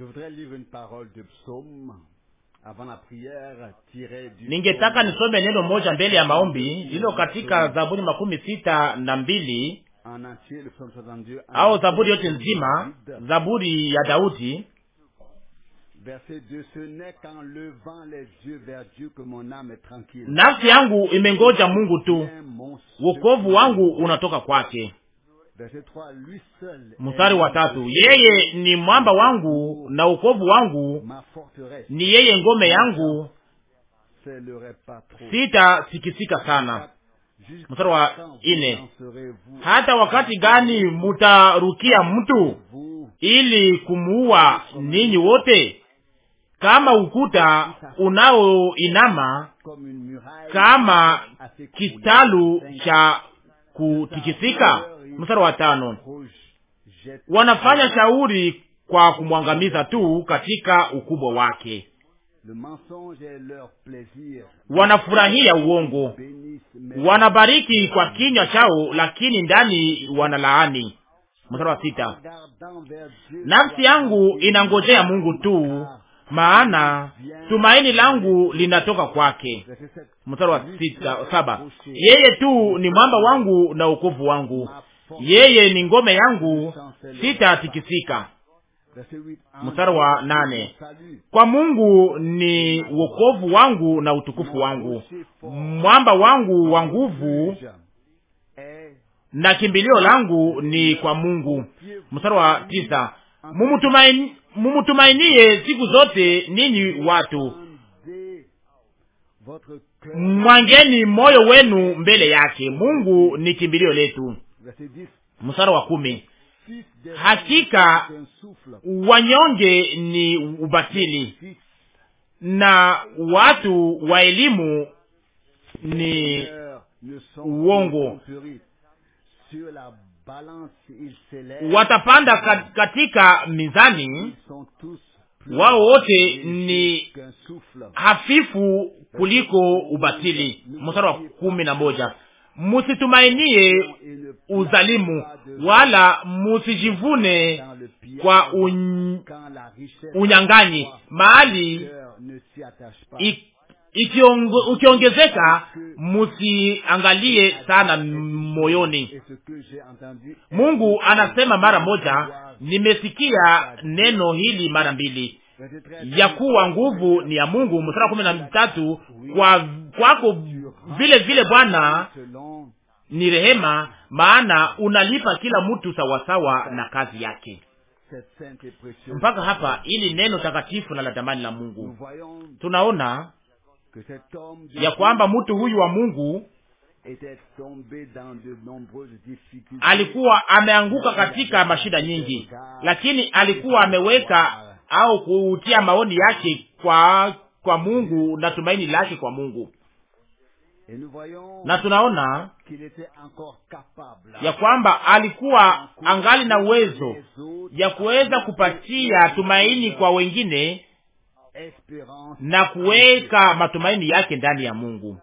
Je voudrais lire une parole de psaume avant la prière, tirée du ningetaka nisome neno moja mbele ya maombi lilo katika Zaburi makumi sita na mbili au Zaburi yote nzima, Zaburi ya Daudi nafsi yangu imengoja Mungu tu, wokovu wangu unatoka kwake. Mstari wa tatu, yeye ni mwamba wangu na ukovu wangu, ni yeye ngome yangu, sitasikisika sana. Mstari wa ine, hata wakati gani mutarukia mtu ili kumuua ninyi wote, kama ukuta unaoinama, kama kitalu cha kutikisika? mstari wa tano wanafanya shauri kwa kumwangamiza tu katika ukubwa wake, wanafurahia uongo, wanabariki kwa kinywa chao, lakini ndani wanalaani. Mstari wa sita, nafsi yangu inangojea Mungu tu, maana tumaini langu linatoka kwake. Mstari wa sita, saba, yeye tu ni mwamba wangu na ukovu wangu, yeye ni ngome yangu, sitatikisika. Mstari wa nane. Kwa Mungu ni wokovu wangu na utukufu wangu, mwamba wangu wa nguvu na kimbilio langu ni kwa Mungu. Mstari wa tisa. Mumutumaini, mumutumainie siku zote ninyi watu, mwangeni moyo wenu mbele yake. Mungu ni kimbilio letu msara wa kumi hakika wanyonge ni ubatili na watu wa elimu ni uongo, watapanda katika mizani. Wao wote ni hafifu kuliko ubatili. Msara wa kumi na moja musitumainie uzalimu wala musijivune kwa un, unyang'anyi mahali ukiongezeka musiangalie sana moyoni. Mungu anasema mara moja, nimesikia neno hili mara mbili, ya kuwa nguvu ni ya Mungu. Mstari kumi na tatu, kwa kwako vile vile Bwana ni rehema, maana unalipa kila mtu sawasawa na kazi yake. Mpaka hapa, ili neno takatifu na la thamani la Mungu, tunaona ya kwamba mtu huyu wa Mungu alikuwa ameanguka katika mashida nyingi, lakini alikuwa ameweka au kutia maoni yake kwa kwa Mungu na tumaini lake kwa Mungu, na tunaona ya kwamba alikuwa angali na uwezo ya kuweza kupatia tumaini kwa wengine na kuweka matumaini yake ndani ya Mungu.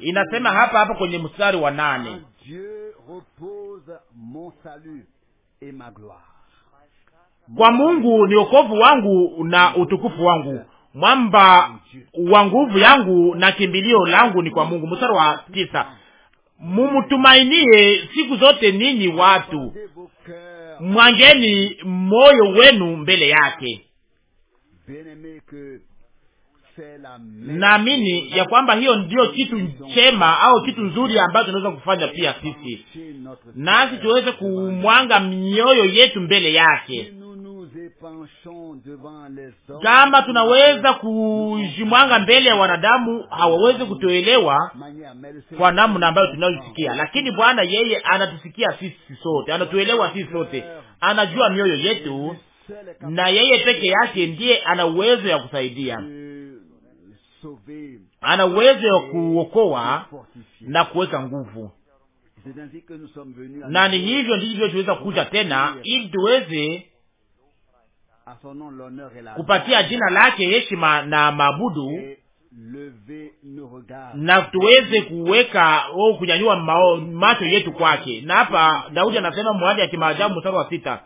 Inasema hapa hapa kwenye mstari wa nane kwa Mungu ni wokovu wangu na utukufu wangu, mwamba wa nguvu yangu na kimbilio langu ni kwa Mungu. Mstari wa tisa, mumutumainie siku zote ninyi watu, mwangeni moyo wenu mbele yake. Naamini ya kwamba hiyo ndiyo kitu chema au kitu nzuri ambayo tunaweza kufanya pia sisi, nasi tuweze kumwanga mioyo yetu mbele yake kama tunaweza kujimwanga mbele ya wanadamu, hawawezi kutoelewa kwa namna ambayo tunayoisikia, lakini Bwana yeye anatusikia sisi sote, anatuelewa sisi sote, anajua mioyo yetu, na yeye peke yake ndiye ana uwezo ya kusaidia, ana uwezo ya kuokoa na kuweka nguvu na ni hivyo ndivyo tuweza kuja tena ili tuweze kupatia jina lake heshima na maabudu na tuweze kuweka au oh, kunyanyua macho yetu kwake. Na hapa Daudi anasema mwaji ya kimaajabu, mstari wa sita,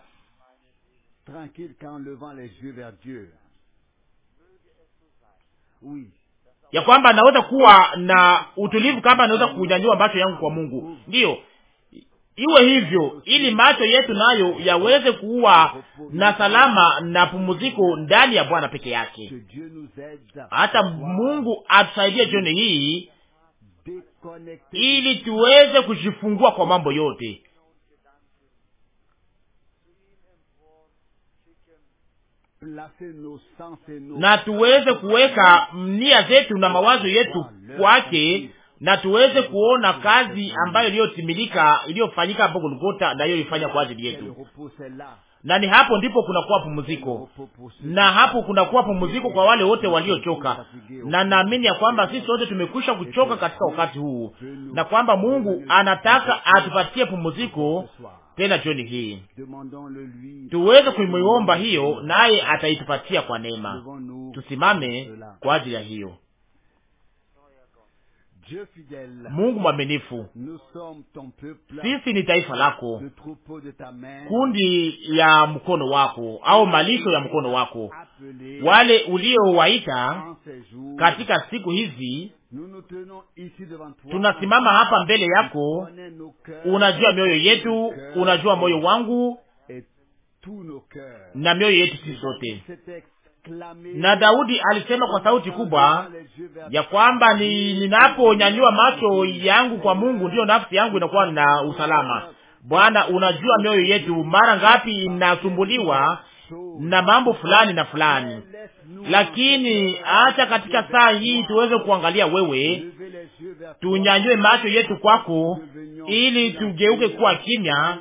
ya kwamba naweza kuwa na utulivu kama naweza kunyanyua macho yangu kwa Mungu. Ndiyo, iwe hivyo, ili macho yetu nayo yaweze kuwa na salama na pumuziko ndani ya Bwana peke yake. Hata Mungu atusaidie jioni hii ili tuweze kujifungua kwa mambo yote na tuweze kuweka nia zetu na mawazo yetu kwake na tuweze kuona kazi ambayo iliyotimilika iliyofanyika hapo Golgota na hiyo ilifanya kwa ajili yetu, na ni hapo ndipo kunakuwa pumziko, na hapo kunakuwa pumziko kwa wale wote waliochoka, na naamini ya kwamba sisi wote tumekwisha kuchoka katika wakati huu, na kwamba Mungu anataka atupatie pumziko tena jioni hii, tuweze kuimwomba hiyo, naye ataitupatia kwa neema. Tusimame kwa ajili ya hiyo. Mungu mwaminifu, sisi ni taifa lako, kundi ya mkono wako, au malisho ya mkono wako, wale uliowaita katika siku hizi. Tunasimama hapa mbele yako, unajua mioyo yetu, unajua moyo wangu na mioyo yetu sisi zote na Daudi alisema kwa sauti kubwa ya kwamba ni ninaponyanyua macho yangu kwa Mungu, ndiyo nafsi yangu inakuwa na usalama. Bwana, unajua mioyo yetu mara ngapi inasumbuliwa na mambo fulani na fulani, lakini hata katika saa hii tuweze kuangalia wewe, tunyanyue macho yetu kwako, ili tugeuke kuwa kimya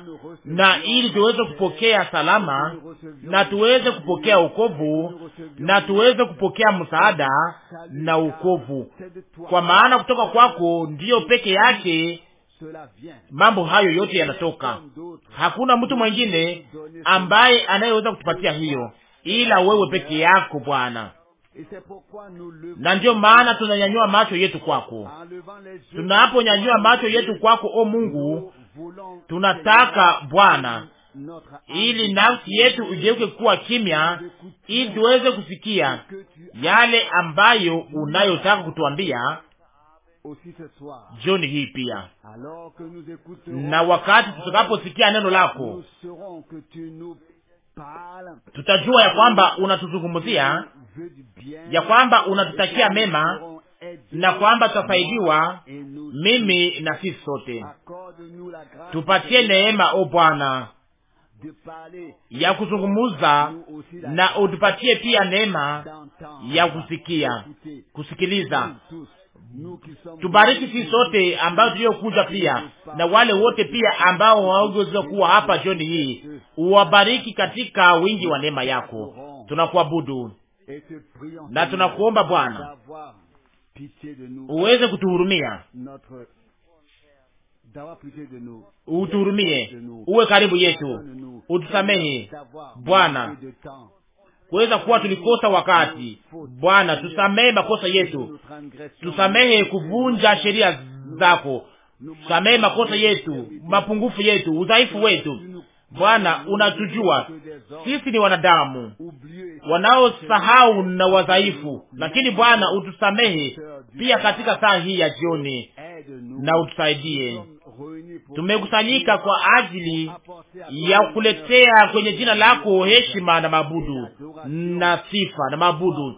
na ili tuweze kupokea salama na tuweze kupokea ukovu na tuweze kupokea msaada na ukovu kwa maana kutoka kwako ndiyo peke yake mambo hayo yote yanatoka. Hakuna mtu mwengine ambaye anayeweza kutupatia hiyo ila wewe peke yako Bwana, na ndiyo maana tunanyanyua macho yetu kwako. Tunaponyanyua macho yetu kwako, o Mungu, Tunataka Bwana ili nafsi yetu ujeuke kuwa kimya, ili tuweze kusikia yale ambayo unayotaka kutuambia jioni hii pia. Na wakati tutakaposikia neno lako, tutajua ya kwamba unatuzungumzia, ya kwamba unatutakia mema na kwamba tutafaidiwa mimi na sisi sote. Tupatie neema, o Bwana, ya kuzungumuza na utupatie pia neema ya kusikia, kusikiliza. Tubariki sisi sote ambao tuliokuja pia na wale wote pia ambao hawageweza kuwa hapa jioni hii. Uwabariki katika wingi wa neema yako. Tunakuabudu na tunakuomba Bwana uweze kutuhurumia, utuhurumie, uwe karibu yetu, utusamehe Bwana kuweza kuwa tulikosa wakati. Bwana, tusamehe makosa yetu, tusamehe kuvunja sheria zako, tusamehe makosa yetu, mapungufu yetu, udhaifu wetu Bwana, unatujua sisi ni wanadamu wanaosahau na wadhaifu, lakini Bwana utusamehe pia katika saa hii ya jioni na utusaidie. Tumekusanyika kwa ajili ya kuletea kwenye jina lako heshima na mabudu na sifa na mabudu.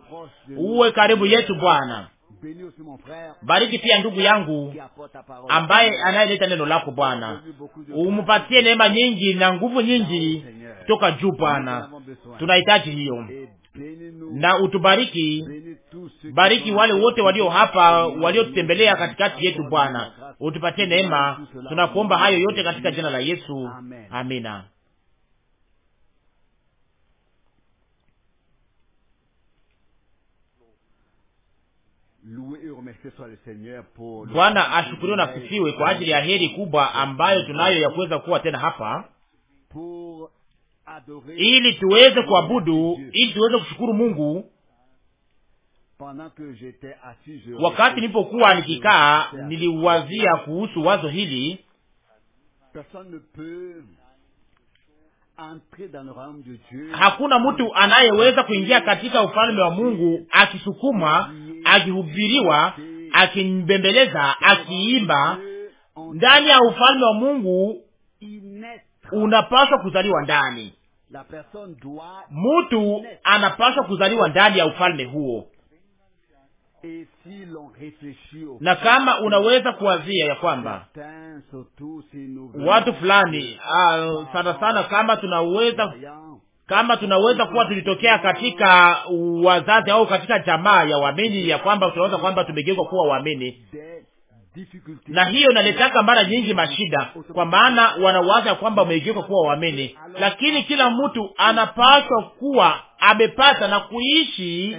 Uwe karibu yetu Bwana, Bariki pia ndugu yangu ambaye anayeleta neno lako Bwana, umpatie neema nyingi na nguvu nyingi toka juu Bwana, tunahitaji hiyo, na utubariki. Bariki wale wote walio hapa waliotutembelea katikati yetu Bwana, utupatie neema. Tunakuomba hayo yote katika jina la Yesu, amina. Bwana ashukuriwe na kusifiwe kwa ajili ya heri kubwa ambayo tunayo ya kuweza kuwa tena hapa ili tuweze kuabudu, ili tuweze kushukuru Mungu. Wakati nilipokuwa nikikaa, niliwazia kuhusu wazo hili. Hakuna mtu anayeweza kuingia katika ufalme wa Mungu akisukuma akihubiriwa, akimbembeleza, akiimba ndani ya ufalme wa Mungu unapaswa kuzaliwa ndani. Mtu anapaswa kuzaliwa ndani ya ufalme huo, na kama unaweza kuwazia ya kwamba watu fulani ah, sana sana, kama tunaweza kama tunaweza kuwa tulitokea katika wazazi au katika jamaa ya waamini, ya kwamba tunaweza kwamba tumegeuka kuwa waamini, na hiyo inaletaka mara nyingi mashida, kwa maana wanawaza kwamba wamegeuka kuwa waamini. Lakini kila mtu anapaswa kuwa amepata na kuishi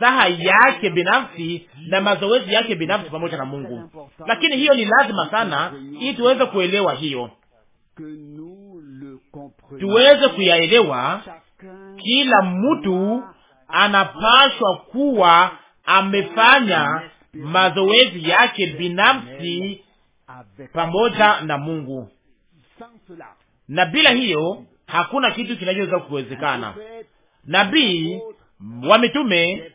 saha yake binafsi na mazoezi yake binafsi pamoja na Mungu, lakini hiyo ni lazima sana, ili tuweze kuelewa hiyo tuweze kuyaelewa. Kila mtu anapashwa kuwa amefanya mazoezi yake binafsi pamoja na Mungu, na bila hiyo hakuna kitu kinachoweza kuwezekana. Nabii wa mitume,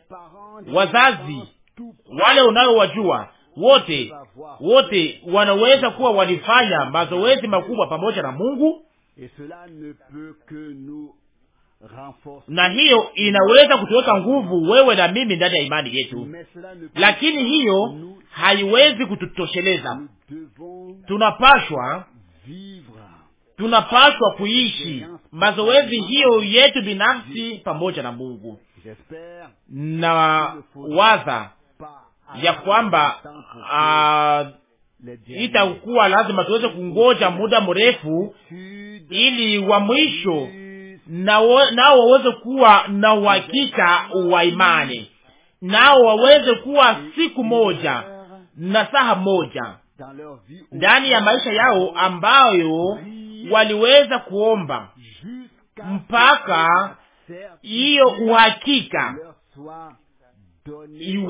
wazazi, wale unaowajua wote, wote wanaweza kuwa walifanya mazoezi makubwa pamoja na Mungu na hiyo inaweza kutuweka nguvu wewe na mimi ndani ya imani yetu, lakini hiyo haiwezi kututosheleza. Tunapashwa tunapashwa kuishi mazoezi hiyo yetu binafsi pamoja na Mungu, na waza ya kwamba ah, itakuwa lazima tuweze kungoja muda mrefu ili wa mwisho nao waweze kuwa na uhakika wa imani, nao waweze kuwa siku moja na saha moja ndani ya maisha yao ambayo waliweza kuomba mpaka hiyo uhakika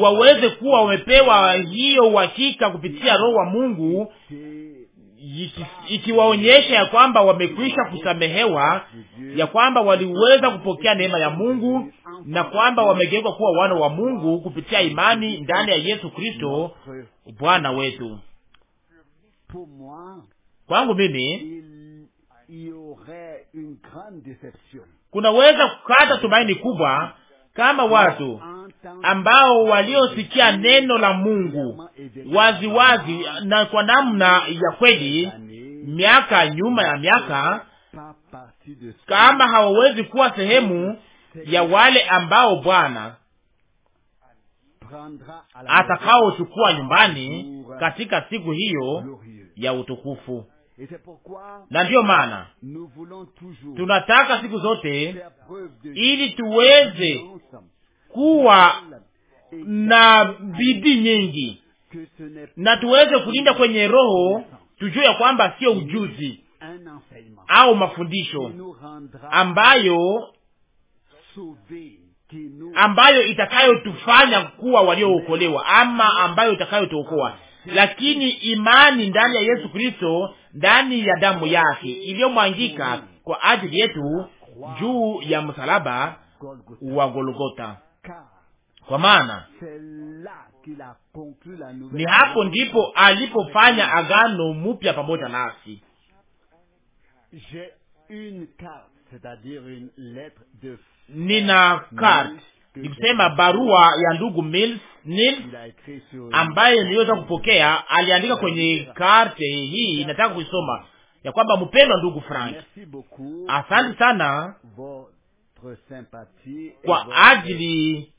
waweze kuwa wamepewa hiyo uhakika kupitia Roho wa Mungu ikiwaonyesha ya kwamba wamekwisha kusamehewa, ya kwamba waliweza kupokea neema ya Mungu na kwamba wamegeuka kuwa wana wa Mungu kupitia imani ndani ya Yesu Kristo Bwana wetu. Kwangu mimi kunaweza kukata tumaini kubwa kama watu ambao waliosikia neno la Mungu waziwazi wazi, na kwa namna ya kweli miaka nyuma ya miaka, kama hawawezi kuwa sehemu ya wale ambao Bwana atakaochukua nyumbani katika siku hiyo ya utukufu. Na ndiyo maana tunataka siku zote, ili tuweze kuwa na bidii nyingi na tuweze kulinda kwenye roho, tujue ya kwamba sio ujuzi au mafundisho ambayo ambayo itakayotufanya kuwa waliookolewa ama ambayo itakayotuokoa, lakini imani ndani ya Yesu Kristo ndani ya damu yake iliyomwangika kwa ajili yetu juu ya msalaba wa Golgota. Kwa maana ni hapo ndipo alipofanya agano mupya pamoja nasi. Nina kart nikusema barua ya ndugu Mills Nils ambaye niliweza kupokea, aliandika kwenye karte hii. Nataka kuisoma ya kwamba mpendwa ndugu Frank, asante sana kwa ajili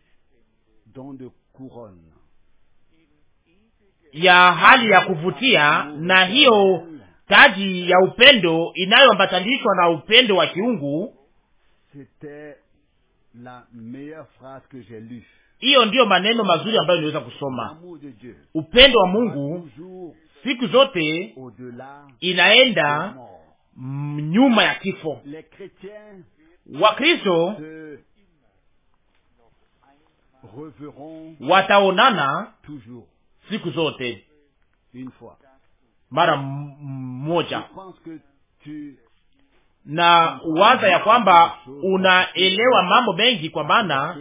ya hali ya kuvutia na hiyo taji ya upendo inayoambatanishwa na upendo wa kiungu hiyo ndiyo maneno mazuri ambayo niweza kusoma. Upendo wa Mungu siku zote inaenda nyuma ya kifo. Wakristo wataonana siku zote mara mmoja na waza ya kwamba unaelewa mambo mengi, kwa maana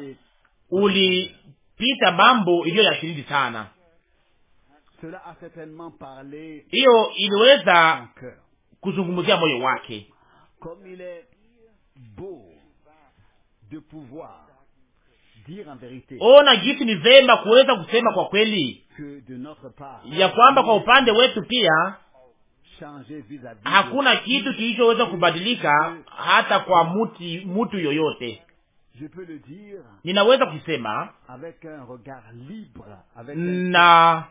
ulipita mambo iliyo ya shiridi sana. Hiyo iliweza kuzungumzia moyo wake ona jinsi ni vema kuweza kusema kwa kweli ya kwamba kwa upande wetu pia hakuna kitu kilichoweza kubadilika hata kwa muti, mutu yoyote. Ninaweza kusema na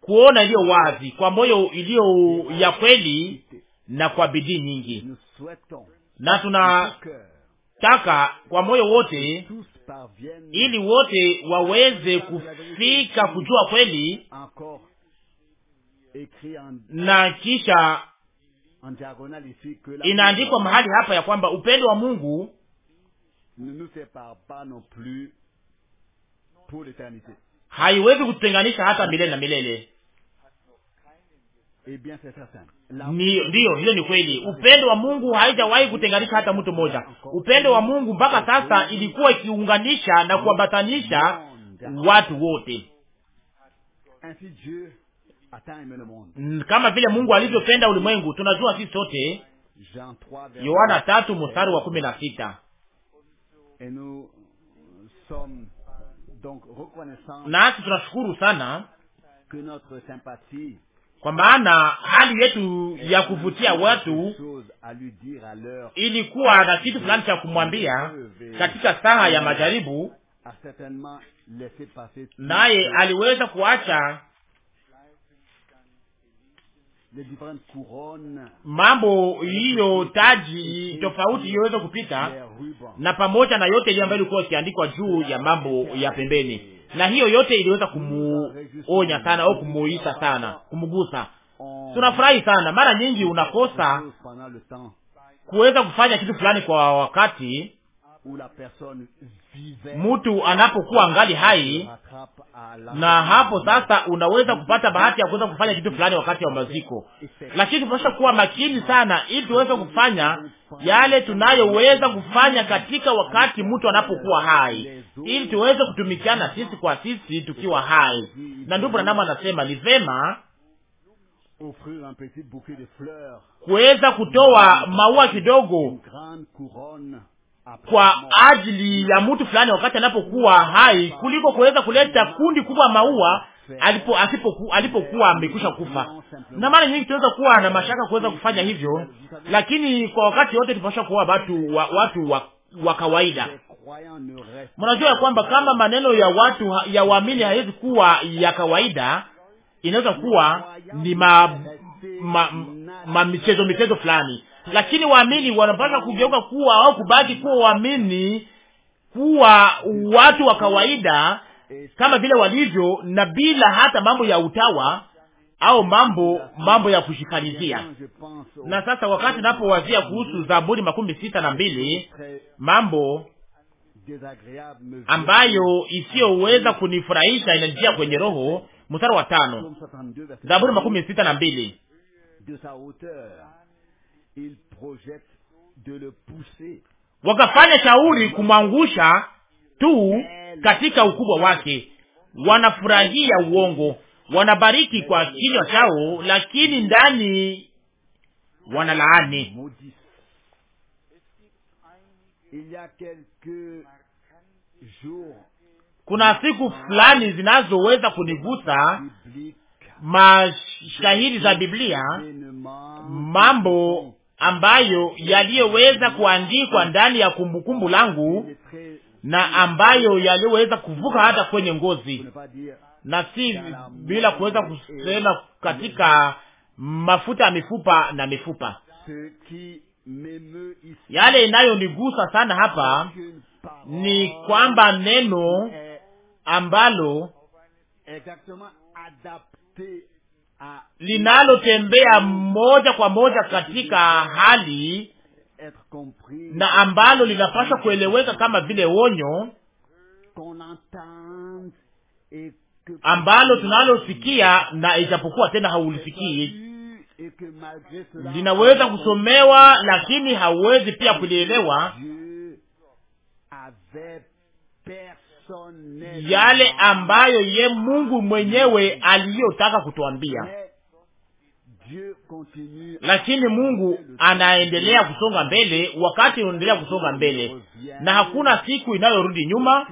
kuona iliyo wazi kwa moyo iliyo ya kweli na kwa bidii nyingi, na tunataka kwa moyo wote, ili wote waweze kufika kujua kweli na kisha inaandikwa mahali hapa ya kwamba upendo wa Mungu haiwezi kututenganisha hata milele na milele. Eh Ndiyo, hiyo ni kweli. Upendo wa Mungu haijawahi kutenganisha hata mtu mmoja. Upendo wa Mungu mpaka sasa ilikuwa ikiunganisha na kuambatanisha watu wote kama vile Mungu alivyopenda ulimwengu. Tunajua sisi sote Yohana tatu mstari wa kumi na sita nasi tunashukuru sana kwa maana hali yetu ya kuvutia watu ilikuwa na kitu fulani cha kumwambia katika saha ya majaribu, naye aliweza kuacha mambo hiyo taji tofauti iyoweza kupita na pamoja na yote hiyo ambayo ilikuwa ikiandikwa juu ya mambo ya pembeni, na hiyo yote iliweza kumuonya sana au kumuisa sana, kumgusa. Tunafurahi sana. Mara nyingi unakosa kuweza kufanya kitu fulani kwa wakati mtu anapokuwa angali hai, na hapo sasa unaweza kupata bahati ya kuweza kufanya kitu fulani wakati wa maziko, lakini tunapaswa kuwa makini sana, ili tuweze kufanya yale tunayoweza kufanya katika wakati mtu anapokuwa hai, ili tuweze kutumikiana sisi kwa sisi tukiwa hai. Na ndipo Branham anasema ni vema kuweza kutoa maua kidogo kwa ajili ya mtu fulani wakati anapokuwa hai kuliko kuweza kuleta kundi kubwa maua alipo asipoku, alipokuwa amekwisha kufa. Na mara nyingi tunaweza kuwa na mashaka kuweza kufanya hivyo, lakini kwa wakati wote tunapaswa kuwa watu wa, watu wa, wa kawaida. Mnajua ya kwamba kama maneno ya watu ya waamini hawezi kuwa ya kawaida, inaweza kuwa ni ma, ma, ma, ma michezo michezo fulani lakini waamini wanapaswa kugeuka kuwa au kubaki kuwa waamini, kuwa watu wa kawaida kama vile walivyo, na bila hata mambo ya utawa au mambo mambo ya kushikanizia. Na sasa wakati napowazia kuhusu Zaburi makumi sita na mbili, mambo ambayo isiyoweza kunifurahisha inanijia kwenye roho, mstari wa tano, Zaburi makumi sita na mbili wakafanya shauri kumwangusha tu katika ukubwa wake. Wanafurahia uongo, wanabariki kwa kinywa chao, lakini ndani wanalaani. Kuna siku fulani zinazoweza kunigusa mashahidi za Biblia, mambo ambayo yaliyoweza kuandikwa ndani ya kumbukumbu kumbu langu na ambayo yaliyoweza kuvuka hata kwenye ngozi, na si bila kuweza kusema katika mafuta ya mifupa na mifupa. Yale inayonigusa sana hapa ni kwamba neno ambalo linalotembea moja kwa moja katika hali na ambalo linapaswa kueleweka kama vile onyo ambalo tunalosikia na ijapokuwa tena haulisikii, linaweza kusomewa, lakini hauwezi pia kulielewa yale ambayo ye Mungu mwenyewe aliyotaka kutuambia, lakini Mungu anaendelea kusonga mbele, wakati unaendelea kusonga mbele, na hakuna siku inayorudi nyuma,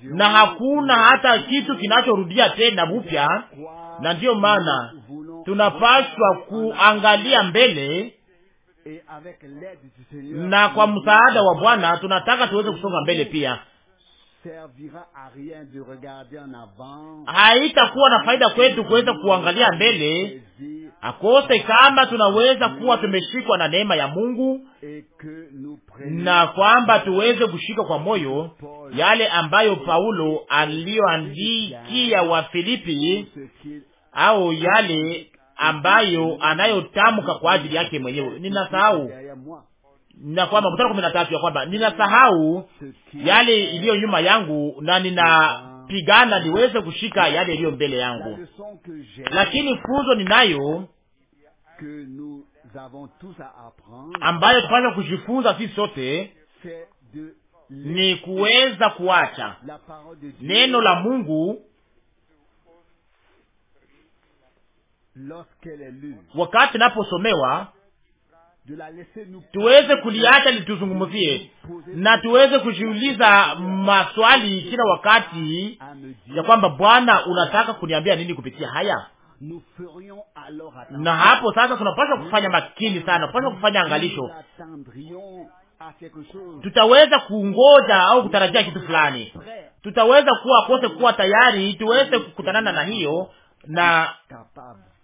na hakuna hata kitu kinachorudia tena upya. Na ndiyo maana tunapaswa kuangalia mbele na kwa msaada wa Bwana tunataka tuweze kusonga mbele pia, haitakuwa na faida kwetu kuweza kuangalia mbele akose kama tunaweza kuwa tumeshikwa na neema ya Mungu na kwamba tuweze kushika kwa moyo yale ambayo Paulo aliyoandikia wa Filipi au yale ambayo anayotamka kwa ajili yake mwenyewe. Ninasahau na kwamba mstari kumi na tatu ya kwamba ninasahau yale iliyo nyuma yangu na ninapigana niweze kushika yale iliyo mbele yangu. Lakini funzo ninayo ambayo tunapaswa kujifunza sisi sote ni kuweza kuacha neno la Mungu wakati naposomewa tuweze kuliacha lituzungumzie na tuweze kujiuliza maswali kila wakati ya kwamba Bwana, unataka kuniambia nini kupitia haya? Na hapo sasa tunapaswa kufanya makini sana, tunapaswa kufanya angalisho. Tutaweza kungoja au kutarajia kitu fulani, tutaweza kuwa kose kuwa tayari tuweze kukutanana na hiyo, na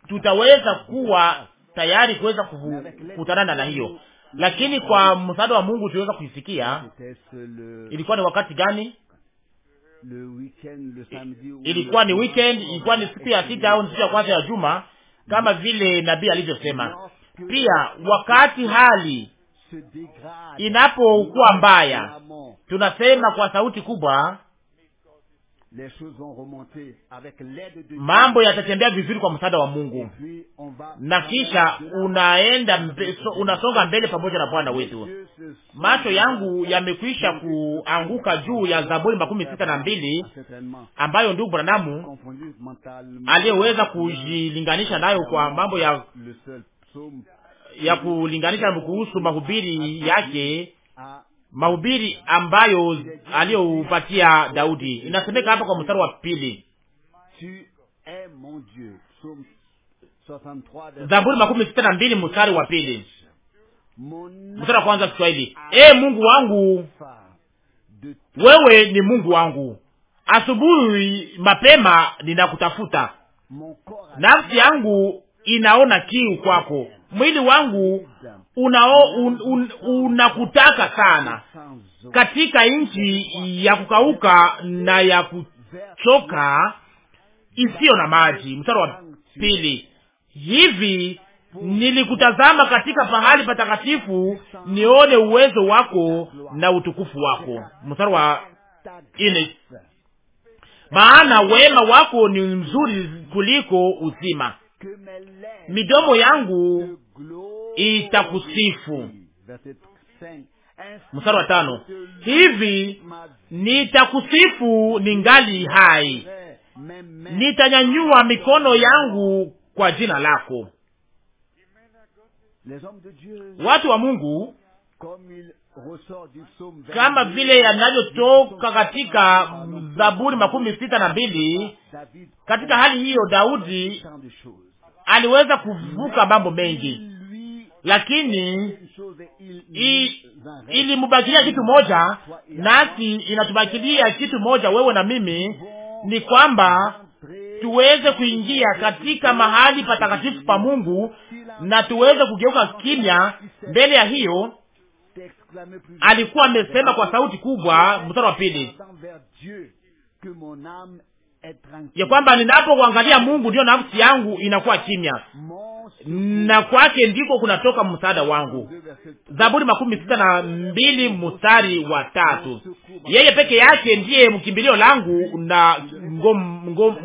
tutaweza kuwa tayari kuweza kukutanana na hiyo, lakini kwa msaada wa Mungu tuliweza kuisikia. Uh, ilikuwa ni wakati gani? Ilikuwa ni weekend, ilikuwa ni siku ya sita au siku ya kwanza ya juma, kama vile nabii alivyosema. Pia wakati hali inapokuwa mbaya, tunasema kwa sauti kubwa mambo yatatembea vizuri kwa msaada wa Mungu, na kisha unaenda mbe, so, unasonga mbele pamoja na Bwana wetu. Macho yangu yamekwisha kuanguka juu ya Zaburi makumi sita na mbili ambayo ndugu Branamu aliyeweza kujilinganisha nayo kwa mambo ya ya kulinganisha kuhusu mahubiri yake mahubiri ambayo aliyoupatia Daudi. Inasemeka hapa kwa mstari wa pili, Zaburi makumi sita na mbili mstari wa pili, mstari wa kwanza Kiswahili: E Mungu wangu, wewe ni Mungu wangu, asubuhi mapema ninakutafuta, nafsi yangu inaona kiu kwako, mwili wangu unakutaka un, una sana katika nchi ya kukauka na ya kuchoka isiyo na maji. Mstari wa pili, hivi nilikutazama katika pahali patakatifu nione uwezo wako na utukufu wako. Mstari wa ine, maana wema wako ni mzuri kuliko uzima, midomo yangu itakusifu. Mstari wa tano, hivi nitakusifu ningali hai, nitanyanyua mikono yangu kwa jina lako. Watu wa Mungu kama vile yanavyotoka katika Zaburi makumi sita na mbili. Katika hali hiyo Daudi aliweza kuvuka mambo mengi lakini ilimubakilia kitu moja, nasi inatubakilia kitu moja, wewe na mimi, ni kwamba tuweze kuingia katika mahali patakatifu pa Mungu na tuweze kugeuka kimya mbele ya hiyo. Alikuwa amesema kwa sauti kubwa, mstari wa pili, ya kwamba ninapokuangalia Mungu, ndiyo nafsi yangu inakuwa kimya, na kwake ndiko kunatoka msaada wangu. Zaburi makumi sita na mbili mstari wa tatu. Yeye peke yake ndiye mkimbilio langu na ngom, ngom,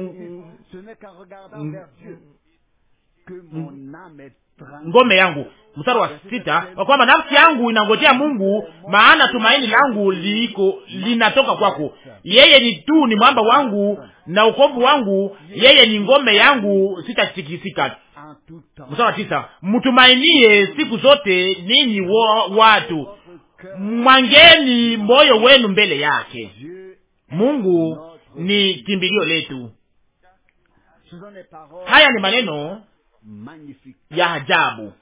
ngome yangu. Mstari wa sita, kwa kwamba nafsi yangu inangojea Mungu, maana tumaini langu liko linatoka kwako. Yeye ni tu ni mwamba wangu na ukovu wangu, yeye ni ngome yangu, sitatikisika mstari wa tisa, mtumainie siku zote ninyi wa, watu mwangeni moyo wenu mbele yake. Mungu ni kimbilio letu. Haya ni maneno ya ajabu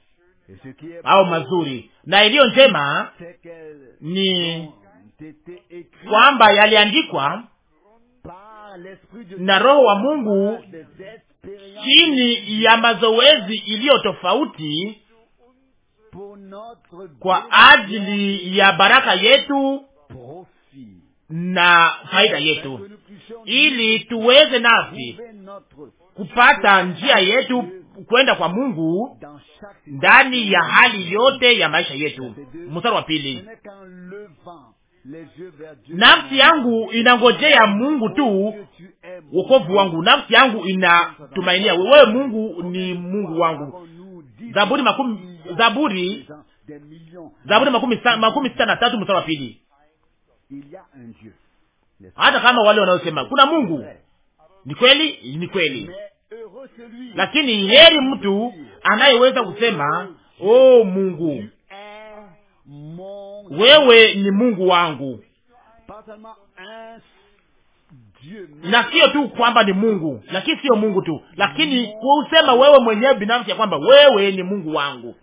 au mazuri na iliyo njema ni kwamba yaliandikwa na Roho wa Mungu chini ya mazoezi iliyo tofauti kwa ajili ya baraka yetu na faida yetu, ili tuweze nasi kupata njia yetu kwenda kwa Mungu ndani ya hali yote ya maisha yetu. Mstari wa pili Nafsi yangu inangojea Mungu tu, wokovu wangu. Nafsi yangu inatumainia wewe. Mungu ni Mungu wangu. Zaburi makumi, Zaburi, Zaburi makumi, makumi sita na tatu mstari wa pili. Hata kama wale wanaosema kuna Mungu, ni kweli, ni kweli, lakini heri mtu anayeweza kusema oh, Mungu wewe ni Mungu wangu, na sio tu kwamba ni Mungu, lakini sio Mungu tu, lakini kusema wewe mwenyewe binafsi ya kwamba wewe ni Mungu wangu,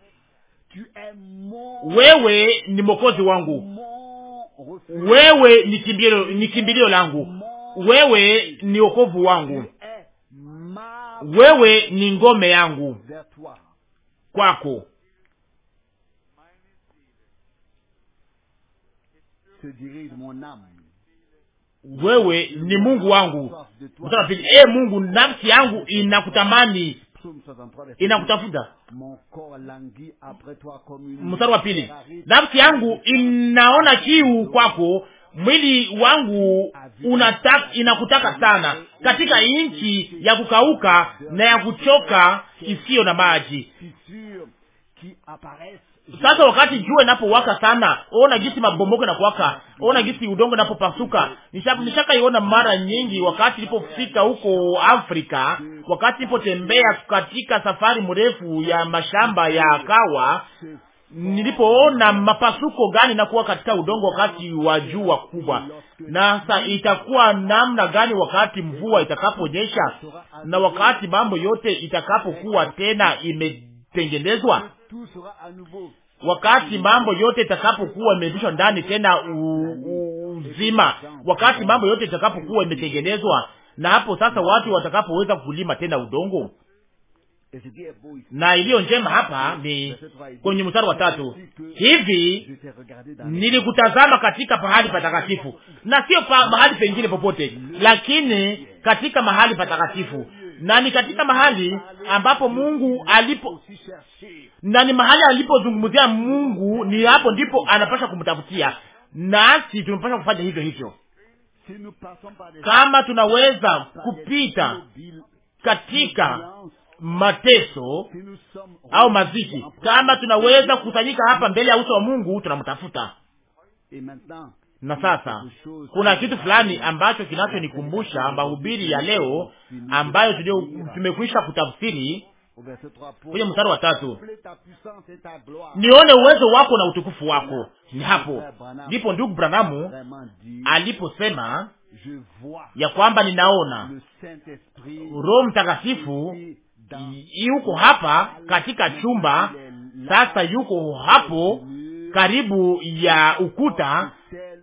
wewe ni mokozi wangu, wewe ni kimbilio, ni kimbilio langu, wewe ni wokovu wangu, wewe ni ngome yangu kwako wewe ni Mungu wangu. Mstari wa ee Mungu, nafsi yangu inakutamani inakutafuta. Mstari wa pili, nafsi yangu inaona kiu kwako, mwili wangu unataka, inakutaka sana katika nchi ya kukauka na ya kuchoka isiyo na maji. Sasa wakati jua inapowaka sana, ona jinsi mabomboko na ona jinsi udongo unapopasuka. Nishakaiona mara nyingi wakati ilipofika huko Afrika, wakati ilipotembea katika safari mrefu ya mashamba ya kawa, nilipoona mapasuko gani nakuwa katika udongo wakati wa jua kubwa. Na sa itakuwa namna gani wakati mvua itakaponyesha na wakati mambo yote itakapokuwa tena imetengenezwa? wakati mambo yote itakapokuwa imerudishwa ndani tena uzima, wakati mambo yote itakapokuwa imetengenezwa, na hapo sasa watu watakapoweza kulima tena udongo. Na iliyo njema hapa ni kwenye mstari wa tatu, hivi nilikutazama katika pahali patakatifu, na sio pa mahali pengine popote, lakini katika mahali patakatifu na ni katika mahali ambapo Mungu alipo na ni mahali alipozungumzia Mungu, ni hapo ndipo anapasha kumtafutia, nasi tunapasha kufanya hivyo hivyo. Kama tunaweza kupita katika mateso au maziki, kama tunaweza kukusanyika hapa mbele ya uso wa Mungu, tunamtafuta na sasa kuna kitu fulani ambacho kinachonikumbusha mahubiri ya leo ambayo tumekwisha kutafsiri kwenye mstari wa tatu, nione uwezo wako na utukufu wako. Ni hapo ndipo ndugu Branamu aliposema ya kwamba ninaona Roho Mtakatifu yuko hapa katika chumba sasa, yuko hapo karibu ya ukuta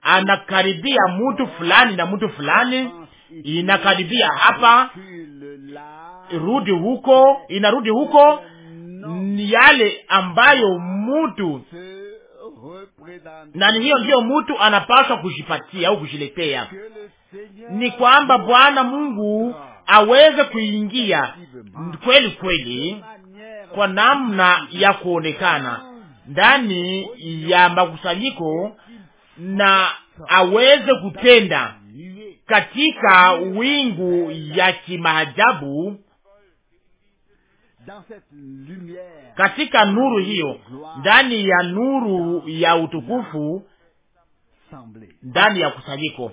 anakaribia mtu fulani na mtu fulani, inakaribia hapa, rudi huko, inarudi huko, ni yale ambayo mtu na ni hiyo ndiyo mtu anapaswa kujipatia au kujiletea, ni kwamba Bwana Mungu aweze kuingia kweli kweli kwa namna ya kuonekana ndani ya makusanyiko na aweze kutenda katika wingu ya kimaajabu katika nuru hiyo, ndani ya nuru ya utukufu, ndani ya kusanyiko,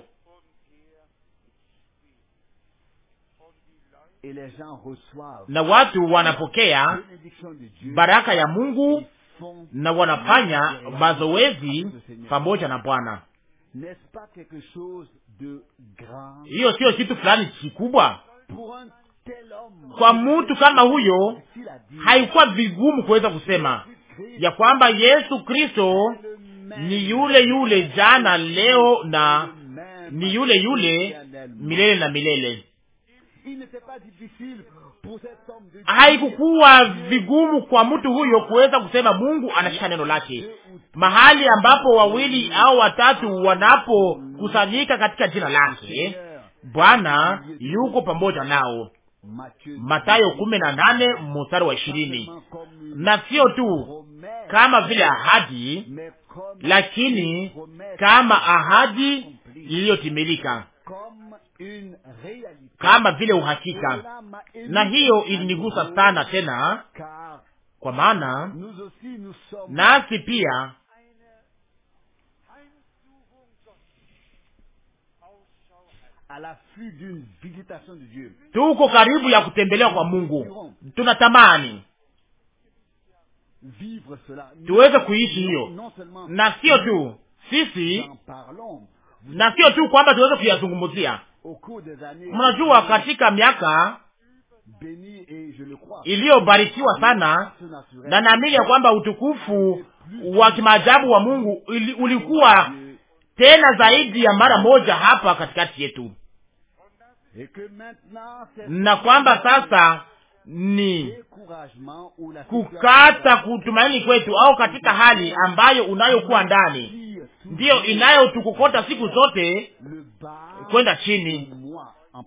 na watu wanapokea baraka ya Mungu na wanafanya mazoezi pamoja na Bwana. Hiyo siyo kitu fulani kikubwa kwa mtu kama huyo. Haikuwa vigumu kuweza kusema ya kwamba Yesu Kristo ni yule yule jana, leo na ni yule yule milele na milele haikukuwa vigumu kwa mtu huyo kuweza kusema Mungu anashika neno lake. Mahali ambapo wawili au watatu wanapokusanyika katika jina lake, Bwana yuko pamoja nao. Matayo kumi na nane mstari wa ishirini. Na sio tu kama vile ahadi, lakini kama ahadi iliyotimilika kama vile uhakika, na hiyo ilinigusa sana tena, kwa maana nasi pia tuko karibu ya kutembelewa kwa Mungu. Tunatamani tuweze kuishi hiyo, na sio tu sisi, na sio tu kwamba tuweze kuyazungumzia Mnajua, katika miaka iliyobarikiwa sana, na naamini ya kwamba utukufu wa kimaajabu wa Mungu ulikuwa tena zaidi ya mara moja hapa katikati yetu, na kwamba sasa ni kukata kutumaini kwetu, au katika hali ambayo unayokuwa ndani ndiyo inayotukokota siku zote kwenda chini,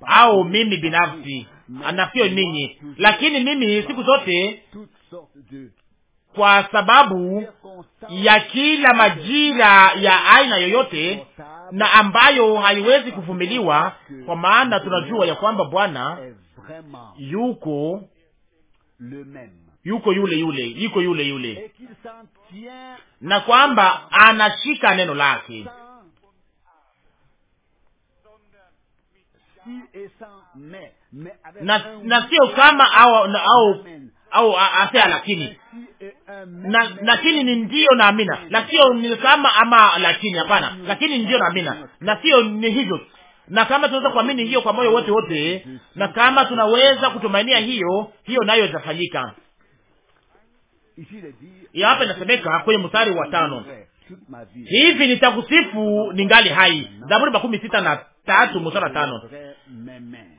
au mimi binafsi anafio ninyi, lakini mimi siku zote kwa sababu ya kila majira ya aina yoyote na ambayo haiwezi kuvumiliwa, kwa maana tunajua ya kwamba Bwana yuko yuko yule yule, yuko yule yule, na kwamba anashika neno lake na, na sio kama au au au asea lakini na lakini ni ndiyo na amina, na sio ni kama ama lakini. Hapana, lakini ndiyo na amina, na sio ni hivyo. Na kama tunaweza kuamini hiyo kwa moyo wote wote, na kama tunaweza kutumainia hiyo, hiyo nayo itafanyika. Ya hapa inasemeka kwenye mstari wa tano, hivi nitakusifu ningali hai. Zaburi makumi sita na tatu mstari wa tano,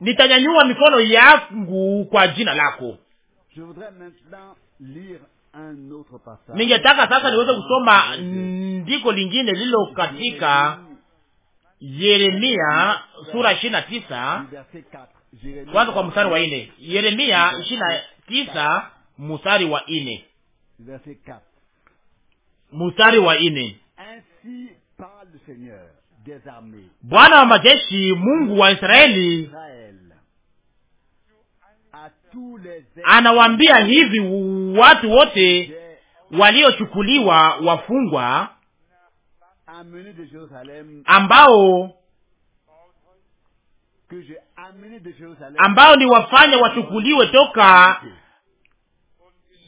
nitanyanyua mikono yangu kwa jina lako. Ningetaka sasa niweze euh, kusoma ndiko lingine lilo katika Yeremia sura ishirini na tisa kwanza kwa mstari wa ine Yeremia ishirini na tisa mstari wa ine mustari wa ine. Bwana wa majeshi, Mungu wa Israeli, anawaambia hivi watu wote waliochukuliwa wafungwa ambao ambao ni wafanya wachukuliwe toka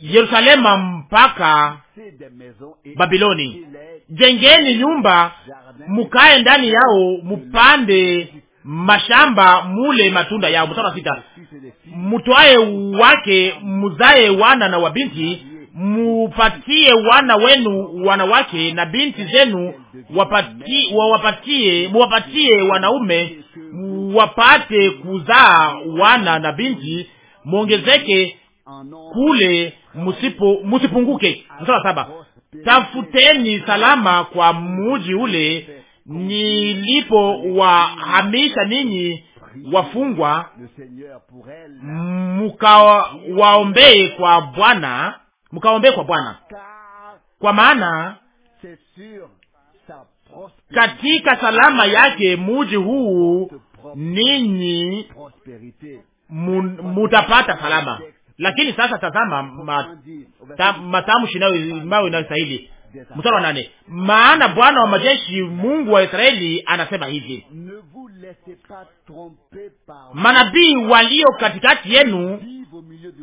Yerusalema mpaka Babiloni. Jengeni nyumba mukae ndani yao, mupande mashamba mule matunda yao. Mstari wa sita, mutwaye wake muzaye wana na wabinti, mupatie wana wenu wanawake na binti zenu muwapatiye muwapatie wanaume wapate kuzaa wana na binti, mwongezeke kule msipo msipunguke. Mstari saba, tafuteni salama kwa muji ule nilipo wahamisha ninyi wafungwa, mkawaombee kwa Bwana, mkawaombee kwa Bwana, kwa maana katika salama yake muji huu ninyi mutapata salama. Lakini sasa tazama matamshi nayo inayostahili mstari wa nane, maana Bwana wa majeshi Mungu wa Israeli anasema hivi, manabii walio katikati yenu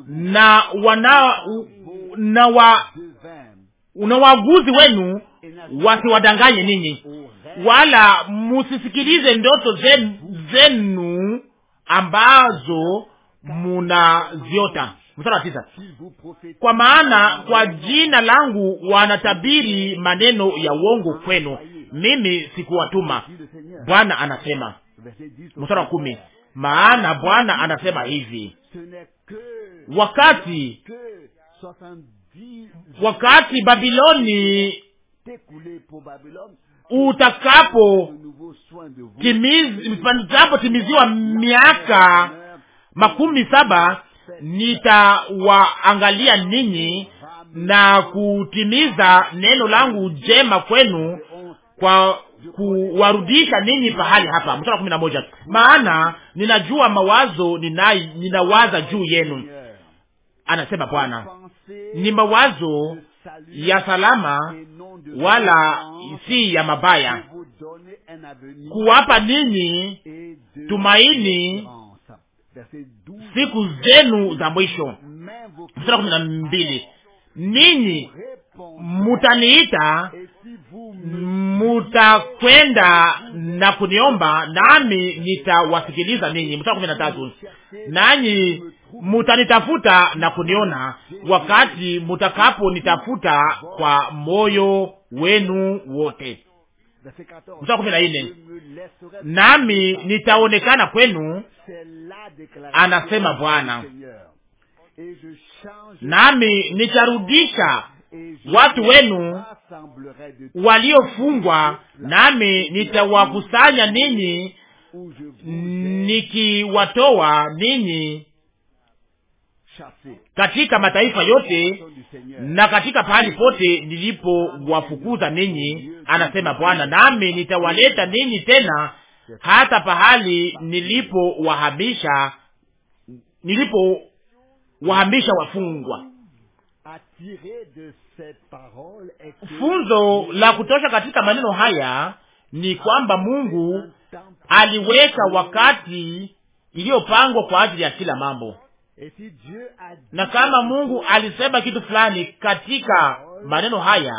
na wana na wa na waaguzi wenu wasiwadanganye ninyi, wala musisikilize ndoto zenu ambazo munaziota mstari wa tisa, kwa maana kwa jina langu wanatabiri maneno ya uongo kwenu, mimi sikuwatuma, Bwana anasema. Mstari wa kumi, maana Bwana anasema hivi, wakati wakati Babiloni utakapo timiz, timiziwa miaka makumi saba nitawaangalia ninyi na kutimiza neno langu jema kwenu kwa kuwarudisha ninyi pahali hapa. Mstari kumi na moja, maana ninajua mawazo ninai, ninawaza juu yenu, anasema Bwana, ni mawazo ya salama wala si ya mabaya, kuwapa ninyi tumaini siku zenu za mwisho. Sura kumi na mbili, ninyi mutaniita, mutakwenda na kuniomba, nami nitawasikiliza ninyi. Mstari kumi na tatu, nanyi mutanitafuta na kuniona, wakati mutakapo nitafuta kwa moyo wenu wote mstari kumi na nne nami nitaonekana kwenu, anasema Bwana, nami nitarudisha watu wenu waliofungwa, nami nitawakusanya ninyi nikiwatoa ninyi katika mataifa yote na katika pahali pote nilipowafukuza ninyi, anasema Bwana, nami nitawaleta ninyi tena hata pahali nilipowahamisha nilipowahamisha wafungwa. Funzo la kutosha katika maneno haya ni kwamba Mungu aliweka wakati iliyopangwa kwa ajili ya kila mambo na kama Mungu alisema kitu fulani katika maneno haya,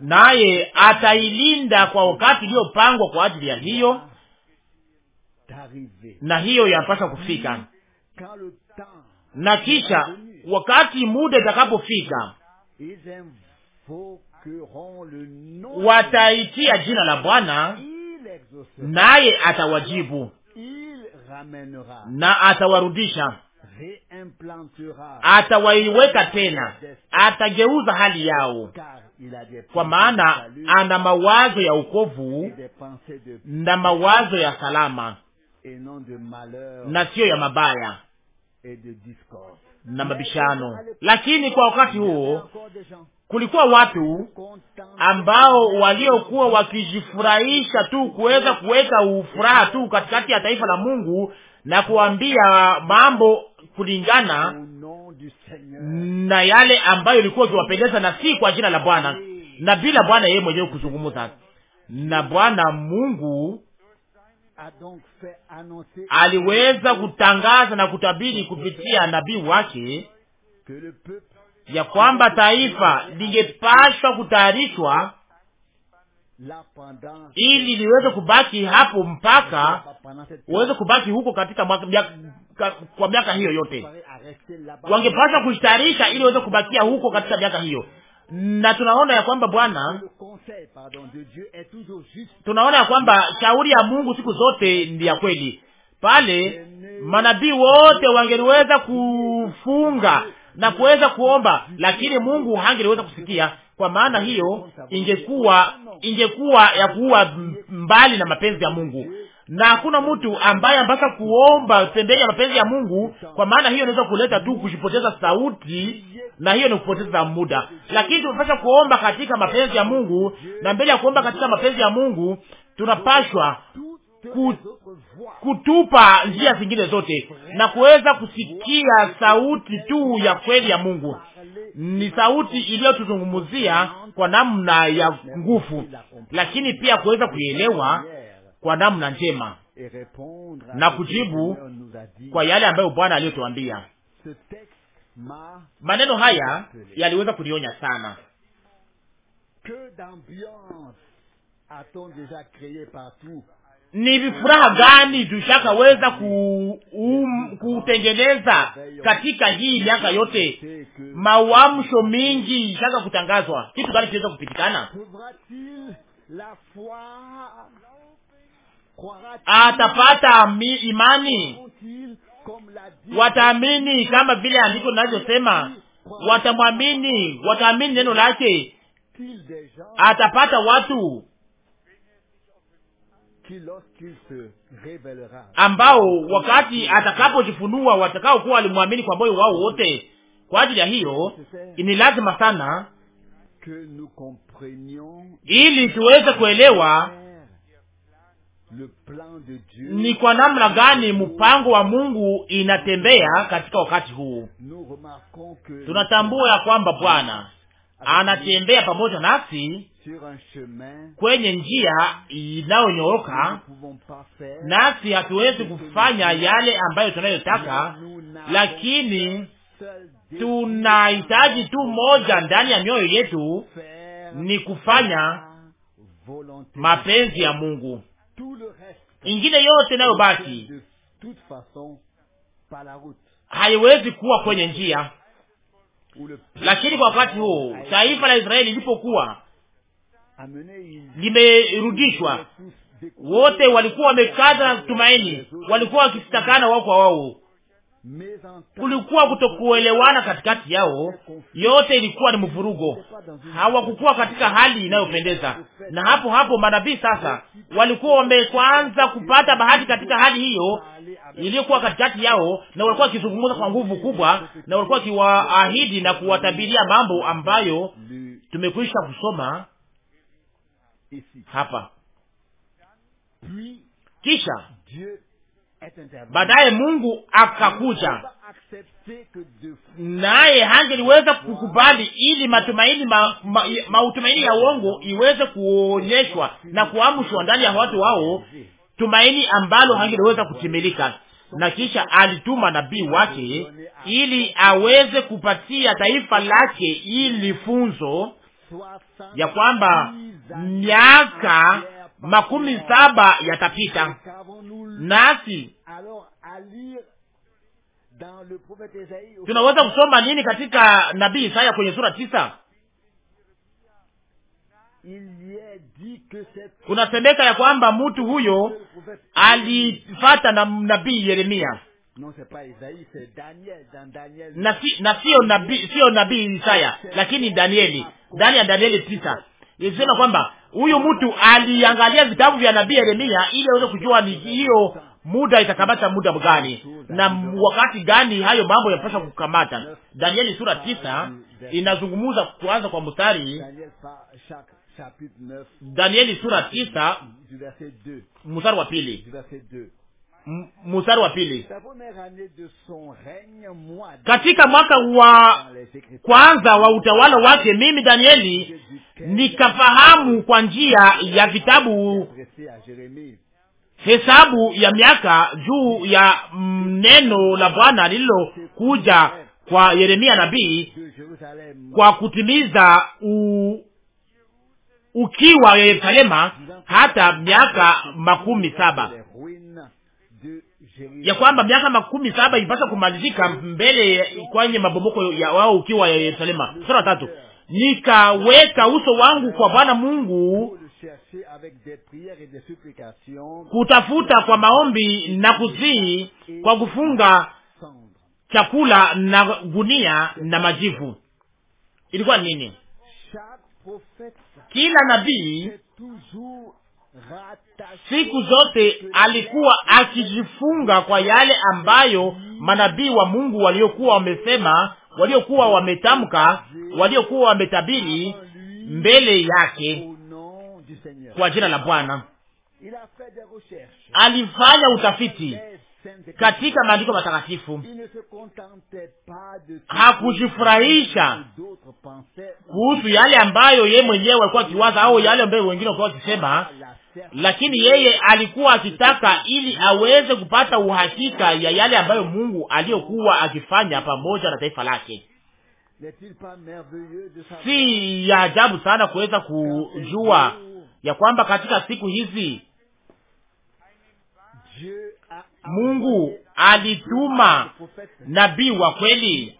naye atailinda kwa wakati iliyopangwa kwa ajili ya hiyo, na hiyo yapaswa kufika. Na kisha wakati muda itakapofika, wataitia jina la Bwana naye atawajibu na atawarudisha, atawaiweka tena, atageuza hali yao, kwa maana ana mawazo ya ukovu na mawazo ya salama na siyo ya mabaya na mabishano. Lakini kwa wakati huo kulikuwa watu ambao waliokuwa wakijifurahisha tu kuweza kuweka ufuraha tu katikati ya taifa la Mungu na kuambia mambo kulingana na yale ambayo ilikuwa ikiwapendeza na si kwa jina la Bwana na bila Bwana yeye mwenyewe kuzungumza. Na Bwana Mungu aliweza kutangaza na kutabiri kupitia nabii wake ya kwamba taifa lingepashwa kutayarishwa ili liweze kubaki hapo mpaka uweze kubaki huko katika miaka, kwa miaka hiyo yote wangepaswa kujitayarisha ili waweze kubakia huko katika miaka hiyo. Na tunaona ya kwamba Bwana, tunaona ya kwamba shauri ya Mungu siku zote ni ya kweli. Pale manabii wote wangeliweza kufunga na kuweza kuomba, lakini Mungu hangeliweza kusikia. Kwa maana hiyo ingekuwa ingekuwa ya kuwa mbali na mapenzi ya Mungu, na hakuna mtu ambaye ambasa kuomba pembeni ya mapenzi ya Mungu. Kwa maana hiyo inaweza kuleta tu kujipoteza sauti, na hiyo ni kupoteza muda. Lakini tunapasha kuomba katika mapenzi ya Mungu, na mbele ya kuomba katika mapenzi ya Mungu tunapashwa kutupa njia zingine zote na kuweza kusikia sauti tu ya kweli ya Mungu. Ni sauti iliyotuzungumzia kwa namna ya nguvu, lakini pia kuweza kuielewa kwa namna njema na kujibu kwa yale ambayo Bwana aliyotuambia. Maneno haya yaliweza kunionya sana ni vifuraha gani tushakaweza um, kutengeneza katika hii miaka yote, mauamsho mingi ishaka kutangazwa. Kitu gani kiweza kupitikana? Atapata mi imani, wataamini kama vile andiko linavyosema, watamwamini, wataamini neno lake, atapata watu ambao wakati atakapojifunua watakao kuwa walimwamini kwa moyo wao wote. Kwa ajili ya hiyo ni lazima sana ili tuweze kuelewa ni kwa namna gani mpango wa Mungu inatembea katika wakati huu. Tunatambua ya kwamba Bwana anatembea pamoja nasi kwenye njia inayonyooka, nasi hatuwezi kufanya yale ambayo tunayotaka, lakini tunahitaji tu moja ndani ya mioyo yetu, ni kufanya mapenzi ya Mungu. Ingine yote inayobaki haiwezi kuwa kwenye njia lakini kwa wakati huo taifa la Israeli lilipokuwa limerudishwa, wote walikuwa wamekaza tumaini, walikuwa wakistakana wao kwa wao kulikuwa kutokuelewana katikati yao. Yote ilikuwa ni mvurugo, hawakukuwa katika hali inayopendeza. Na hapo hapo manabii sasa walikuwa wamekwanza kupata bahati katika hali hiyo iliyokuwa katikati yao, na walikuwa wakizungumza kwa nguvu kubwa, na walikuwa wakiwaahidi na kuwatabiria mambo ambayo tumekwisha kusoma hapa. Kisha Baadaye Mungu akakuja naye, hangeliweza kukubali ili matumaini ma, ma, mautumaini ya uongo iweze kuonyeshwa na kuamshwa ndani ya watu wao, tumaini ambalo hangeliweza kutimilika. Na kisha alituma nabii wake ili aweze kupatia taifa lake ili funzo ya kwamba miaka makumi saba yatapita Mm. nasi tunaweza kusoma nini katika nabii Isaya kwenye sura tisa? Kunasemeka ya kwamba mtu huyo alifata na nabii Yeremia na siyo nabii, siyo nabii Isaya, lakini Danieli, ndani ya Danieli tisa isema kwamba Huyu mtu aliangalia vitabu vya nabii Yeremia ili aweze kujua ni hiyo muda itakamata muda gani na wakati gani hayo mambo yanapaswa kukamata. Danieli sura tisa inazungumza kuanza kwa mstari Danieli sura tisa mstari wa pili mstari wa pili katika mwaka wa kwanza wa utawala wake, mimi Danieli nikafahamu kwa njia ya vitabu hesabu ya miaka juu ya neno la Bwana lililokuja kwa Yeremia nabii kwa kutimiza u ukiwa Yerusalema hata miaka makumi saba ya kwamba miaka makumi saba ipasa kumalizika mbele kwenye maboboko ya wao ukiwa ya Yerusalema. Sura tatu, nikaweka uso wangu kwa Bwana Mungu kutafuta kwa maombi na kuzii kwa kufunga chakula na gunia na majivu. Ilikuwa nini? Kila nabii siku zote alikuwa akijifunga kwa yale ambayo manabii wa Mungu waliokuwa wamesema, waliokuwa wametamka, waliokuwa wametabiri mbele yake kwa jina la Bwana. Alifanya utafiti katika maandiko matakatifu. Hakujifurahisha kuhusu yale ambayo ye mwenyewe alikuwa akiwaza au yale ambayo wengine walikuwa wakisema, lakini yeye alikuwa akitaka ili aweze kupata uhakika ya yale ambayo Mungu aliyokuwa akifanya pamoja na taifa lake. Si ya ajabu sana kuweza kujua ya kwamba katika siku hizi Mungu alituma nabii wa kweli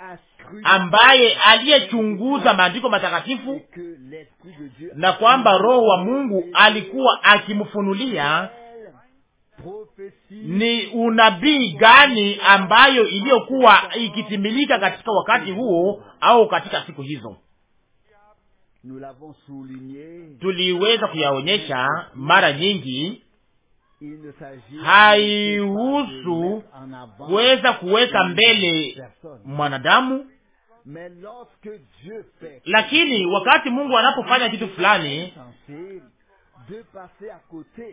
ambaye aliyechunguza maandiko matakatifu na kwamba Roho wa Mungu alikuwa akimfunulia ni unabii gani ambayo iliyokuwa ikitimilika katika wakati huo au katika siku hizo. Tuliweza kuyaonyesha mara nyingi. Haihusu kuweza kuweka mbele mwanadamu lakini wakati Mungu anapofanya kitu fulani,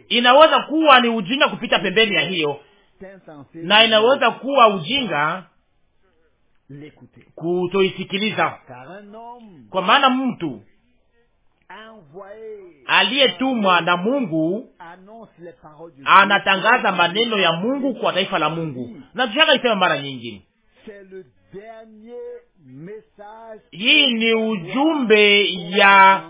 inaweza kuwa ni ujinga kupita pembeni ya hiyo, na inaweza kuwa ujinga kutoisikiliza, kwa maana mtu aliyetumwa na Mungu anatangaza maneno ya Mungu kwa taifa la Mungu, na tushaka isema mara nyingi hii ni ujumbe ya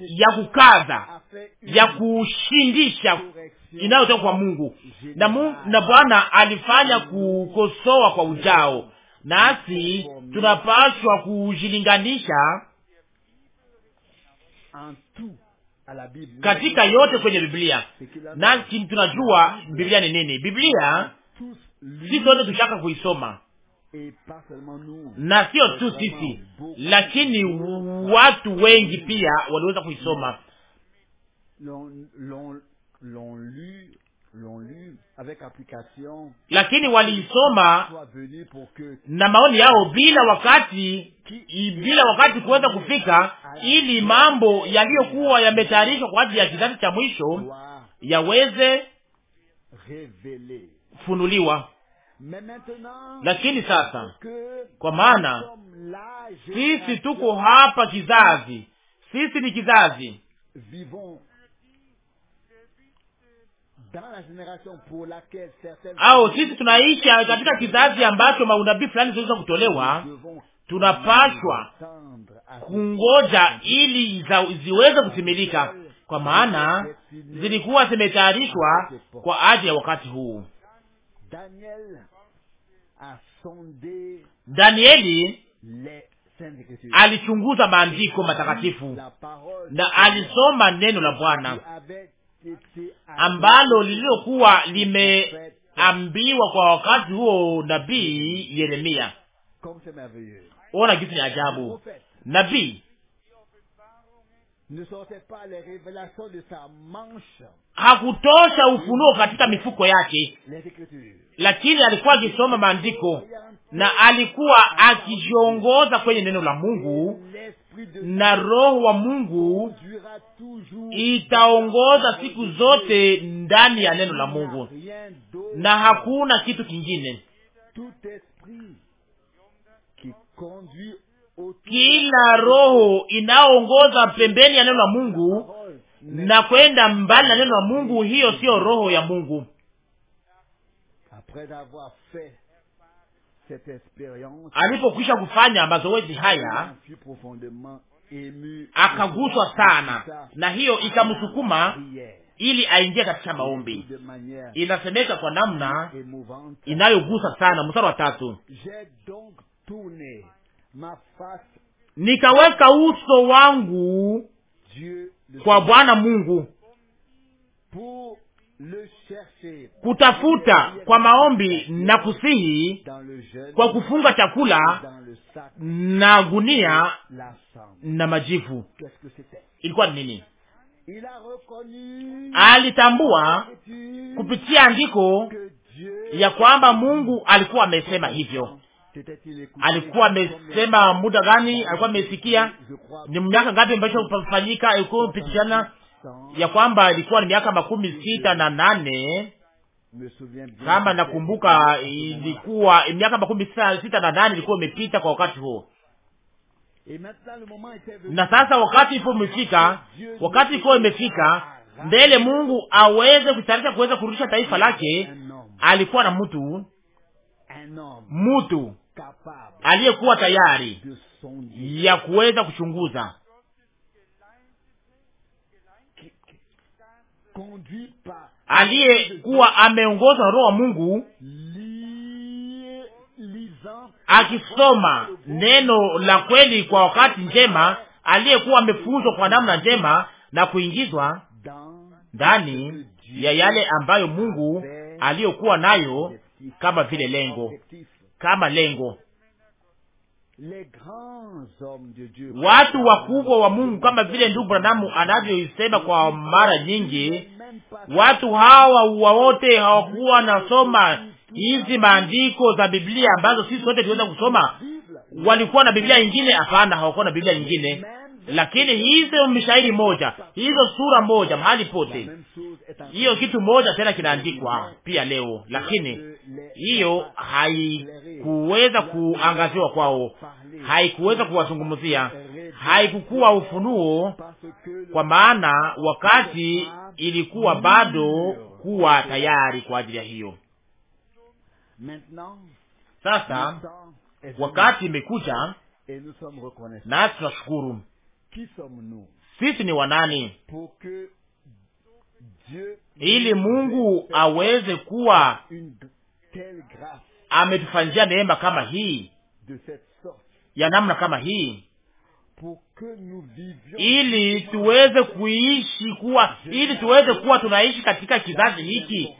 ya kukaza ya kushindisha inayotoka kwa Mungu na, na Bwana alifanya kukosoa kwa ujao, nasi tunapaswa kujilinganisha katika yote kwenye Biblia, nasi tunajua Biblia ni nini. Biblia sisi sote tushaka kuisoma na sio tu sisi, lakini watu wengi pia waliweza kuisoma lakini waliisoma na maoni yao bila wakati bila wakati kuweza kufika, ili mambo yaliyokuwa yametayarishwa kwa ajili ya kizazi cha mwisho yaweze funuliwa. Lakini sasa, kwa maana sisi tuko hapa kizazi, sisi ni kizazi au sisi tunaishi katika kizazi ambacho maunabii fulani zinaweza kutolewa. tunapashwa kungoja ili ziweze kutimilika, kwa maana zilikuwa zimetayarishwa kwa ajili ya wakati huu. Danieli alichunguza maandiko matakatifu na alisoma neno la Bwana ambalo lililokuwa limeambiwa kwa wakati huo nabii Yeremia. Ona kitu ni ajabu, nabii hakutosha ufunuo katika mifuko yake, lakini alikuwa akisoma maandiko na alikuwa akijiongoza kwenye neno la Mungu, na roho wa Mungu itaongoza siku zote ndani ya neno la Mungu, na hakuna kitu kingine kila roho inaoongoza pembeni ya neno la Mungu na kwenda mbali na neno la Mungu, hiyo siyo roho ya Mungu. Alipokwisha kufanya mazoezi haya, akaguswa sana na hiyo ikamsukuma ili aingie katika maombi. Inasemeka kwa namna inayogusa sana, mstari wa tatu nikaweka uso wangu kwa Bwana Mungu kutafuta kwa maombi na kusihi, kwa kufunga chakula na gunia na majivu. Ilikuwa ni nini? Alitambua kupitia andiko ya kwamba Mungu alikuwa amesema hivyo alikuwa amesema muda gani, alikuwa amesikia ni miaka ngapi ambacho kufanyika, ilikuwa pitishana ya kwamba ilikuwa ni miaka makumi sita na nane kama nakumbuka, ilikuwa miaka makumi sita na nane ilikuwa imepita kwa wakati huo. Na sasa wakati ipo imefika, wakati iko imefika mbele Mungu aweze kutarisha kuweza kurudisha taifa lake. Alikuwa na mtu mtu aliyekuwa tayari ya kuweza kuchunguza aliyekuwa ameongozwa Roho wa Mungu akisoma neno la kweli kwa wakati njema, aliyekuwa amefunzwa kwa namna njema na kuingizwa ndani ya yale ambayo Mungu aliyokuwa nayo kama vile lengo kama lengo. Watu wakubwa wa Mungu kama vile ndugu Branamu anavyoisema kwa mara nyingi, watu hawa wote hawakuwa wanasoma hizi maandiko za Biblia ambazo sisi sote tuliweza kusoma. Walikuwa na Biblia nyingine? Hapana, hawakuwa na Biblia nyingine lakini hizo mishairi moja, hizo sura moja, mahali pote hiyo kitu moja tena kinaandikwa pia leo, lakini hiyo haikuweza kuangaziwa kwao, haikuweza kuwazungumzia, haikukuwa ufunuo, kwa maana wakati ilikuwa bado kuwa tayari kwa ajili ya hiyo. Sasa wakati imekuja, nasi tunashukuru sisi ni wanani, ili Mungu aweze kuwa ametufanyia neema kama hii ya namna kama hii, ili tuweze kuishi kuwa, ili tuweze kuwa tunaishi katika kizazi hiki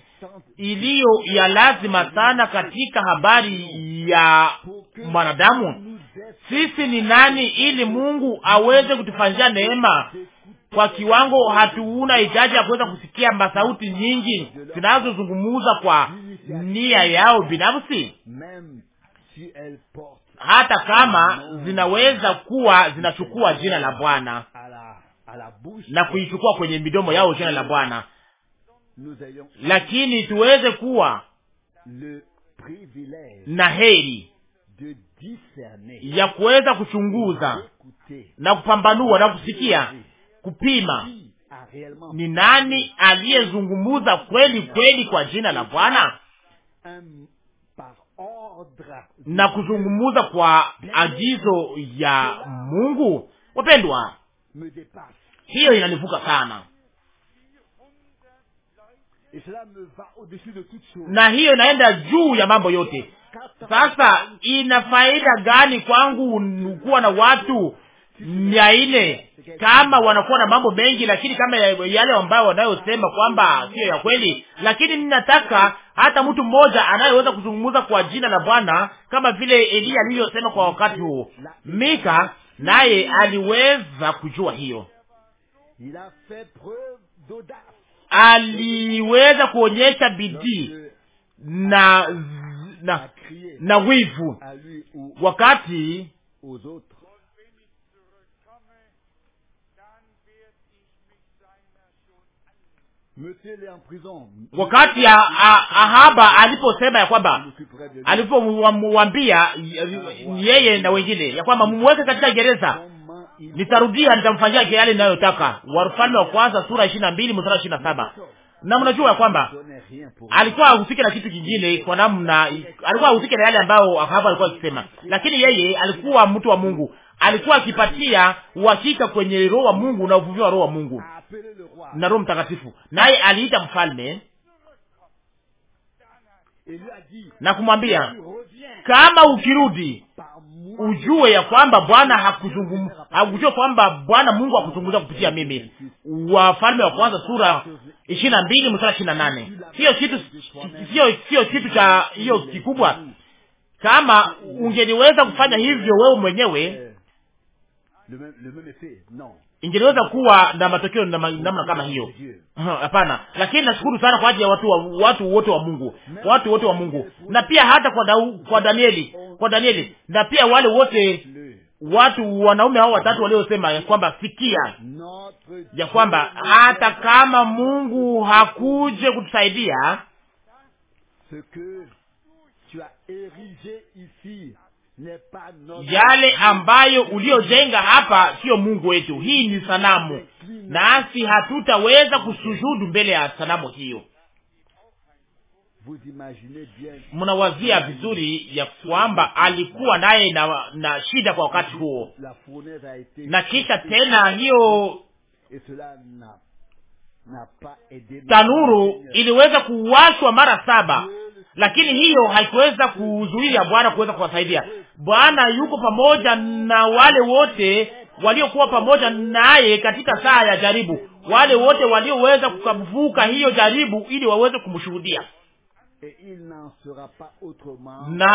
iliyo ya lazima sana katika habari ya mwanadamu, sisi ni nani, ili Mungu aweze kutufanyia neema kwa kiwango hatuuna hitaji ya kuweza kusikia masauti nyingi zinazozungumuza kwa nia yao binafsi, hata kama zinaweza kuwa zinachukua jina la Bwana na kuichukua kwenye midomo yao jina la Bwana, lakini tuweze kuwa na heri ya kuweza kuchunguza na kupambanua na kusikia kupima ni nani aliyezungumuza kweli kweli kwa jina la Bwana na kuzungumuza kwa agizo ya Mungu. Wapendwa, hiyo inanivuka sana, na hiyo inaenda juu ya mambo yote. Sasa ina faida gani kwangu kuwa na watu mia nne kama wanakuwa na mambo mengi, lakini kama yale ambayo wanayosema kwamba sio ya kweli. Lakini ninataka hata mtu mmoja anayeweza kuzungumza kwa jina la Bwana kama vile Eliya aliyosema kwa wakati huo. Mika naye aliweza kujua hiyo aliweza kuonyesha bidii na, na, na wivu wakati wakati Ahaba aliposema ya kwamba alipomwambia yeye na wengine ya kwamba mumuweke katika gereza nitarudia, nitamfanyia yale ninayotaka. Warfalme wa kwanza sura ishirini na mbili mstari ishirini na saba. Na mnajua ya kwamba alikuwa ahusike na kitu kingine kwa namna, alikuwa ahusike na yale ambayo hapo alikuwa akisema, lakini yeye alikuwa mtu wa Mungu, alikuwa akipatia uhakika kwenye roho wa Mungu na uvuvio wa roho wa Mungu na Roho Mtakatifu, naye aliita mfalme na kumwambia, kama ukirudi ujue ya kwamba Bwana hakuzungumza, kwamba Bwana Mungu hakuzungumza kupitia mimi. Wafalme wa Kwanza sura ishirini na mbili mstari ishirini na nane. Hiyo kitu sio sio kitu cha hiyo kikubwa. Kama ungeliweza kufanya hivyo wewe mwenyewe ingeliweza kuwa na matokeo namna kama hiyo. Hapana. Lakini nashukuru sana kwa ajili ya watu wa, watu wote wa Mungu, watu wote wa Mungu, na pia hata kwa dau, kwa Danieli, kwa Danieli, na pia wale wote watu wanaume hao watatu waliosema ya kwamba fikia ya kwamba hata kama Mungu hakuje kutusaidia yale ambayo uliojenga hapa siyo Mungu wetu, hii ni sanamu, nasi hatutaweza kusujudu mbele ya sanamu hiyo. Mnawazia vizuri ya kwamba alikuwa naye na, na shida kwa wakati huo, na kisha tena hiyo tanuru iliweza kuwashwa mara saba, lakini hiyo haikuweza kuzuia Bwana kuweza kuwasaidia. Bwana yuko pamoja na wale wote waliokuwa pamoja naye katika saa ya jaribu, wale wote walioweza kukavuka hiyo jaribu ili waweze kumshuhudia, na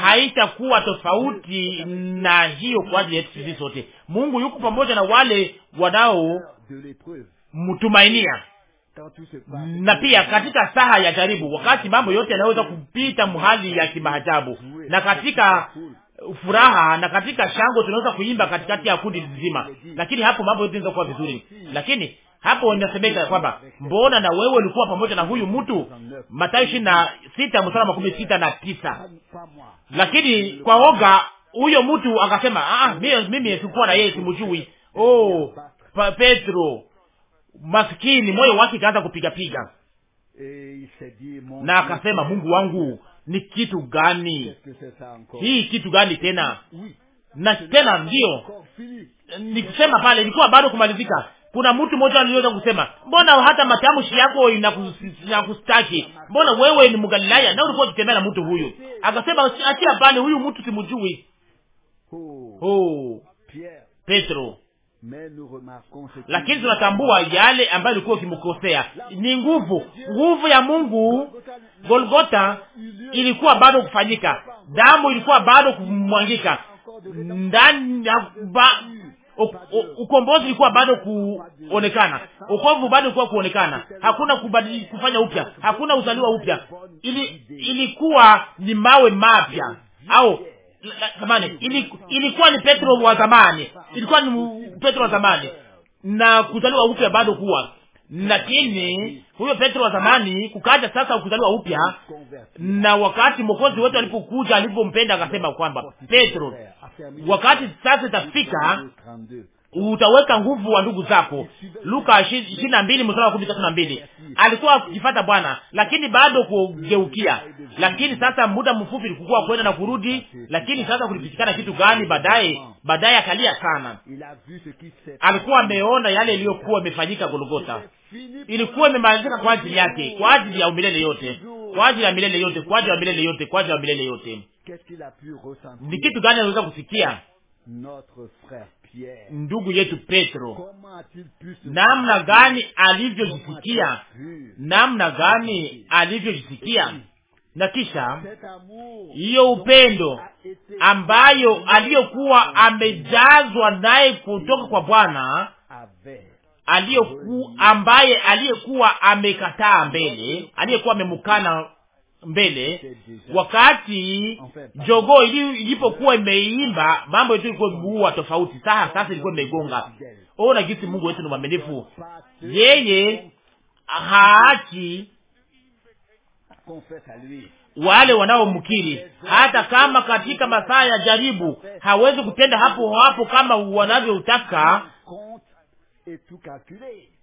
haitakuwa tofauti na hiyo kwa ajili yetu sisi sote. Mungu yuko pamoja na wale wanaomtumainia na pia katika saha ya jaribu, wakati mambo yote yanaweza kupita mhali ya kimaajabu, na katika furaha na katika shango tunaweza kuimba katikati ya kundi nzima, lakini hapo mambo yote yanaweza kuwa vizuri. Lakini hapo inasemeka kwamba mbona na wewe ulikuwa pamoja na huyu mtu, Mathayo ishirini na sita mstari makumi sita na tisa. Lakini kwa oga huyo mtu akasema, ah, ah mimi sikuwa na yeye, simjui. Oh, Petro masikini, moyo wake ikaanza kupigapiga eh, na akasema, Mungu wangu, ni kitu gani hii? Kitu gani tena? Na tena ndio nikusema pale, ilikuwa bado kumalizika. Kuna mtu mmoja aliweza kusema, mbona hata matamshi yako inakustaki? Mbona wewe ni Mgalilaya na ulikuwa ukitembea na mtu huyu? Akasema, achia pale, huyu mtu simujui Oh, Petro lakini tunatambua yale ambayo ilikuwa ikimkosea ni nguvu, nguvu ya Mungu. Golgota ilikuwa bado kufanyika, damu ilikuwa bado kumwangika ndani ya ukombozi ulikuwa bado kuonekana, ukovu bado ulikuwa kuonekana. Hakuna kubadili, kufanya upya, hakuna uzaliwa upya. Ili, ilikuwa ni mawe mapya au zamani, ilikuwa ni Petro wa zamani, ilikuwa ni Petro wa zamani na kuzaliwa upya bado kuwa lakini huyo Petro wa zamani kukaja sasa kuzaliwa upya, na wakati mwokozi wetu alipokuja, alipompenda akasema kwamba Petro, wakati sasa itafika utaweka nguvu wa ndugu zako. Luka ishirini na mbili mstari wa kumi tatu na mbili. Alikuwa akifata Bwana lakini bado kugeukia, lakini sasa muda mfupi ilikuwa kwenda na kurudi, lakini sasa kulipitikana kitu gani baadaye? Baadaye akalia sana, alikuwa ameona yale iliyokuwa imefanyika Golgotha, ilikuwa imemalizika kwa ajili yake, kwa ajili ya umilele yote, kwa ajili ya milele yote, kwa ajili ya milele yote, kwa ajili ya milele yote. Ni kitu gani anaweza kusikia ndugu yetu Petro, namna gani alivyojisikia, namna gani alivyojisikia na kisha hiyo upendo ambayo aliyokuwa amejazwa naye kutoka kwa Bwana aliyoku ambaye aliyekuwa amekataa mbele, aliyekuwa amemukana mbele, wakati jogo ilipokuwa imeimba mambo yetu ilikuwa imeua tofauti, saha sasa ilikuwa imegonga Ona gisi Mungu wetu ni mwaminifu, yeye haachi wale wanaomkiri, hata kama katika masaa ya jaribu hawezi kutenda hapo hapo kama wanavyotaka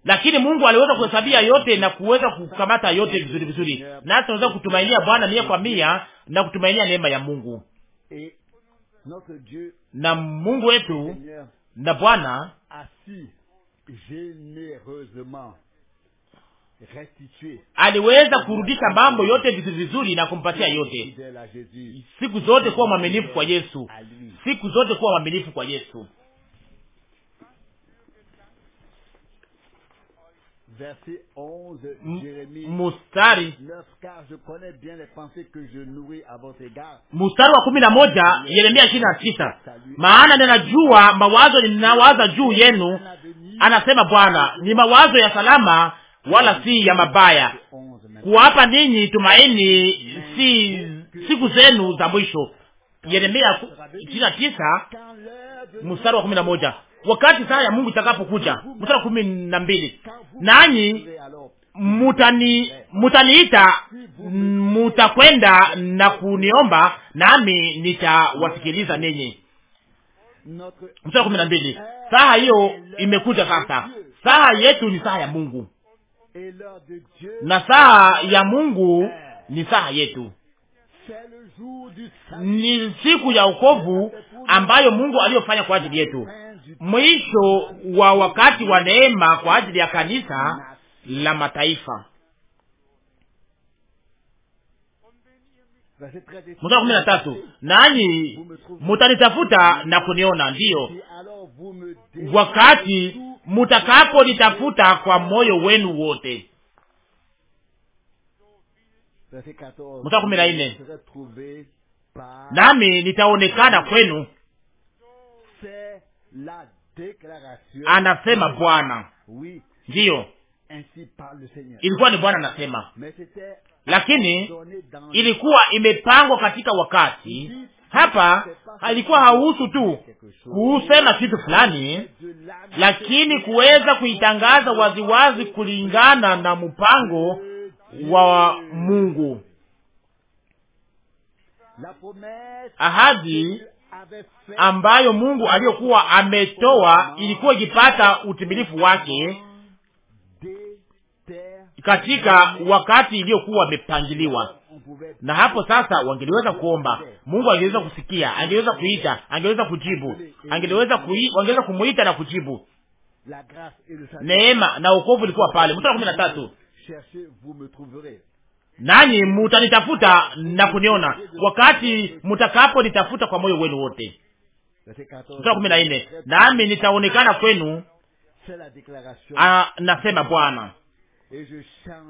lakini Mungu aliweza kuhesabia yote na kuweza kukamata yote vizuri vizuri, nasi tunaweza kutumainia Bwana mia kwa mia na kutumainia neema ya Mungu na Mungu wetu na Bwana aliweza kurudisha mambo yote vizuri vizuri na kumpatia yote. Siku zote kuwa mwaminifu kwa Yesu, siku zote kuwa mwaminifu kwa Yesu. mustari mustari wa kumi na moja Yeremia ishirini na tisa maana ninajua mawazo ninawaza juu yenu, anasema Bwana, ni mawazo ya salama, wala si ya mabaya, kuwapa ninyi tumaini si siku zenu za mwisho. Yeremia ishirini na tisa mstari wa kumi na moja wakati saa ya Mungu itakapokuja. Mstari kumi na mbili, nanyi mutani mutaniita, mutakwenda na kuniomba, nami nitawasikiliza ninyi. Mstari kumi na mbili. Saa hiyo imekuja sasa. Saa yetu ni saa ya Mungu na saa ya Mungu ni saa yetu, ni siku ya ukovu ambayo Mungu aliyofanya kwa ajili yetu mwisho wa wakati wa neema kwa ajili ya kanisa la mataifa. Mstari kumi na tatu, nanyi mutanitafuta na kuniona, ndiyo wakati nitafuta kwa moyo wenu wote. Mstari kumi na nne, nami nitaonekana kwenu anasema Bwana. Ndiyo, ilikuwa ni Bwana anasema, lakini ilikuwa imepangwa katika wakati. Hapa alikuwa hauhusu tu kuusema kitu fulani, lakini kuweza kuitangaza waziwazi kulingana na mpango wa Mungu. Ahadi ambayo Mungu aliyokuwa ametoa ilikuwa ikipata utimilifu wake katika wakati iliyokuwa amepangiliwa, na hapo sasa wangeliweza kuomba Mungu, angeliweza kusikia, angeliweza kuita, angeweza kujibu, angeliweza kui, wangeweza kumuita na kujibu. Neema na wokovu ilikuwa pale. Mstari kumi na tatu nanyi mutanitafuta na kuniona wakati mutakapo nitafuta kwa moyo wenu wote. kumi na nne nami nitaonekana kwenu, anasema ah, Bwana,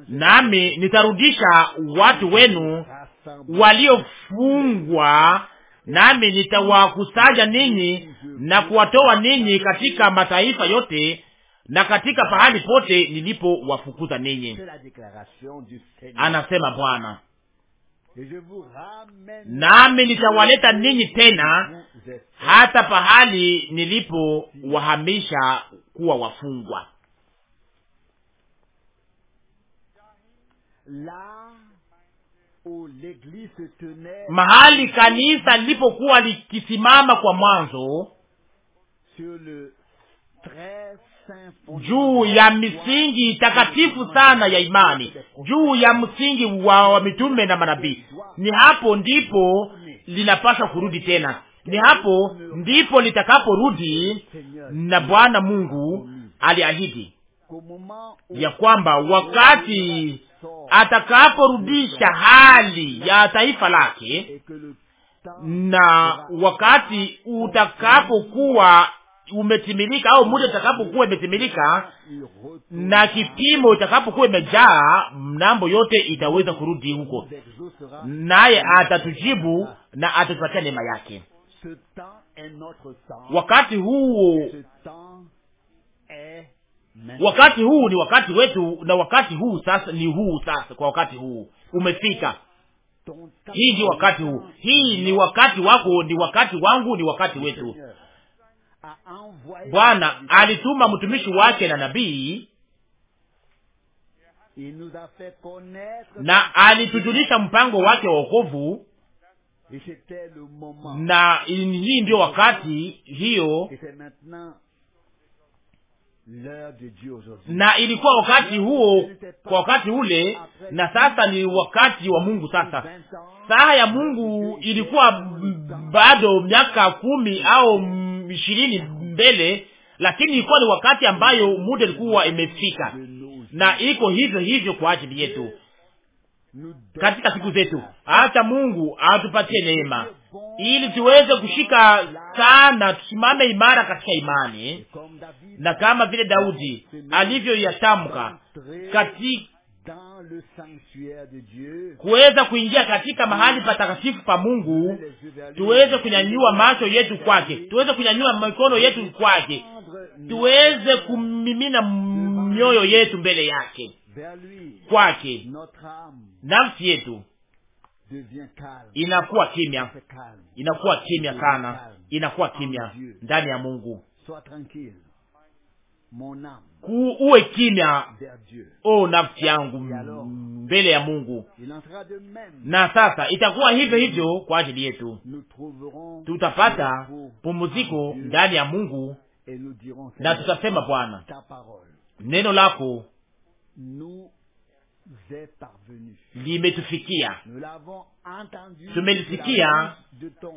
nami nitarudisha watu wenu waliofungwa, nami nitawakusanya ninyi na kuwatoa ninyi katika mataifa yote na katika pahali pote nilipowafukuza ninyi, anasema Bwana, nami nitawaleta ninyi tena hata pahali nilipowahamisha kuwa wafungwa. mahali kanisa lilipokuwa likisimama kwa mwanzo juu ya misingi takatifu sana ya imani, juu ya msingi wa, wa mitume na manabii. Ni hapo ndipo linapaswa kurudi tena, ni hapo ndipo litakaporudi, na Bwana Mungu aliahidi ya kwamba wakati atakaporudisha hali ya taifa lake na wakati utakapokuwa umetimilika au muda utakapokuwa imetimilika na kipimo itakapokuwa imejaa, mnambo yote itaweza kurudi huko, naye atatujibu na atatupatia neema yake. Wakati huo, wakati huu ni wakati wetu, na wakati huu sasa ni huu sasa, kwa wakati huu umefika. Hii ndio wakati huu, hii ni wakati wako, ni wakati wangu, ni wakati wetu. Bwana alituma mtumishi wake na nabii na alitujulisha mpango wake wa wokovu, na hii ndio wakati hiyo, na ilikuwa wakati huo kwa wakati ule, na sasa ni wakati wa Mungu. Sasa saha ya Mungu ilikuwa bado miaka kumi au ishirini mbele, lakini ilikuwa ni wakati ambayo muda ilikuwa imefika, na iko hivyo hivyo kwa ajili yetu katika siku zetu. Hata Mungu atupatie neema ili tuweze kushika sana, tusimame imara katika imani, na kama vile Daudi alivyoyatamka katika kuweza kuingia katika mahali patakatifu pa Mungu, tuweze kunyanyua macho yetu kwake, tuweze kunyanyua mikono yetu kwake, tuweze kumimina mioyo yetu mbele yake, kwake. Nafsi yetu inakuwa kimya, inakuwa kimya sana, inakuwa kimya ndani ya Mungu uwe kimya, o nafsi yangu mbele ya Mungu. Na sasa itakuwa hivyo hivyo kwa ajili yetu, tutapata pumuziko ndani ya Mungu na tutasema, Bwana, neno lako limetufikia, tumelisikia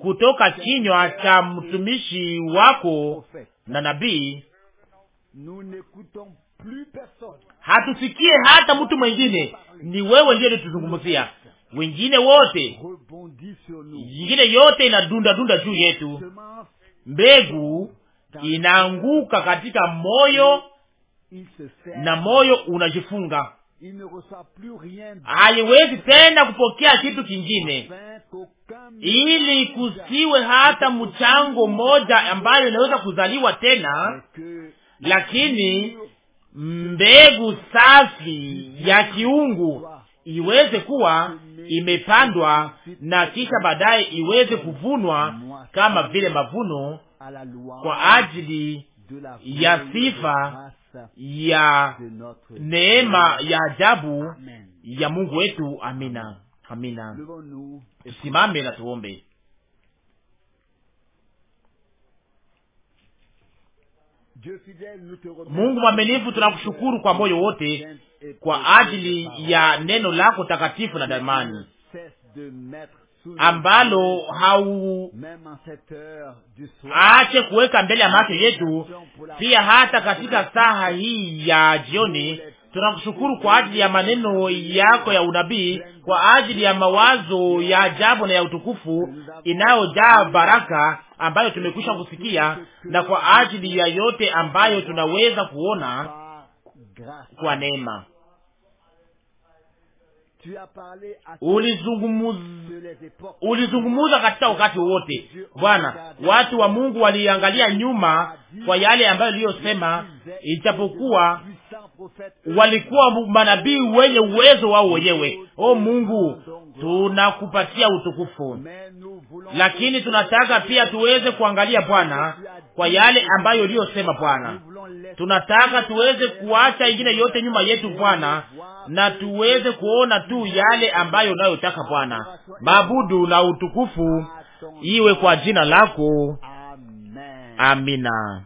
kutoka kinywa cha mtumishi wako na nabii hatusikie hata mtu mwengine, ni wewe ndiye lituzungumzia. Wengine wote, ingine yote inadunda dunda juu yetu. Mbegu inaanguka katika moyo na moyo unajifunga, haiwezi tena kupokea kitu kingine, ili kusiwe hata mchango mmoja ambayo inaweza kuzaliwa tena lakini mbegu safi ya kiungu iweze kuwa imepandwa na kisha baadaye iweze kuvunwa kama vile mavuno kwa ajili ya sifa ya neema ya ajabu ya Mungu wetu. Amina, amina. Tusimame na tuombe. Mungu mwaminifu, tunakushukuru kwa moyo wote kwa ajili ya neno lako takatifu na damani ambalo hauache kuweka mbele ya macho yetu, pia hata katika saha hii ya jioni Tunakushukuru kwa ajili ya maneno yako ya unabii, kwa ajili ya mawazo ya ajabu na ya utukufu inayojaa baraka ambayo tumekwisha kusikia, na kwa ajili ya yote ambayo tunaweza kuona kwa neema ulizungumuza katika wakati wowote. Bwana, watu wa Mungu waliangalia nyuma kwa yale ambayo iliyosema, ijapokuwa walikuwa manabii wenye uwezo wao wenyewe. O Mungu, tunakupatia utukufu, lakini tunataka pia tuweze kuangalia Bwana kwa yale ambayo iliyosema Bwana Tunataka tuweze kuacha ingine yote nyuma yetu Bwana, na tuweze kuona tu yale ambayo unayotaka Bwana. Mabudu na utukufu iwe kwa jina lako. Amina.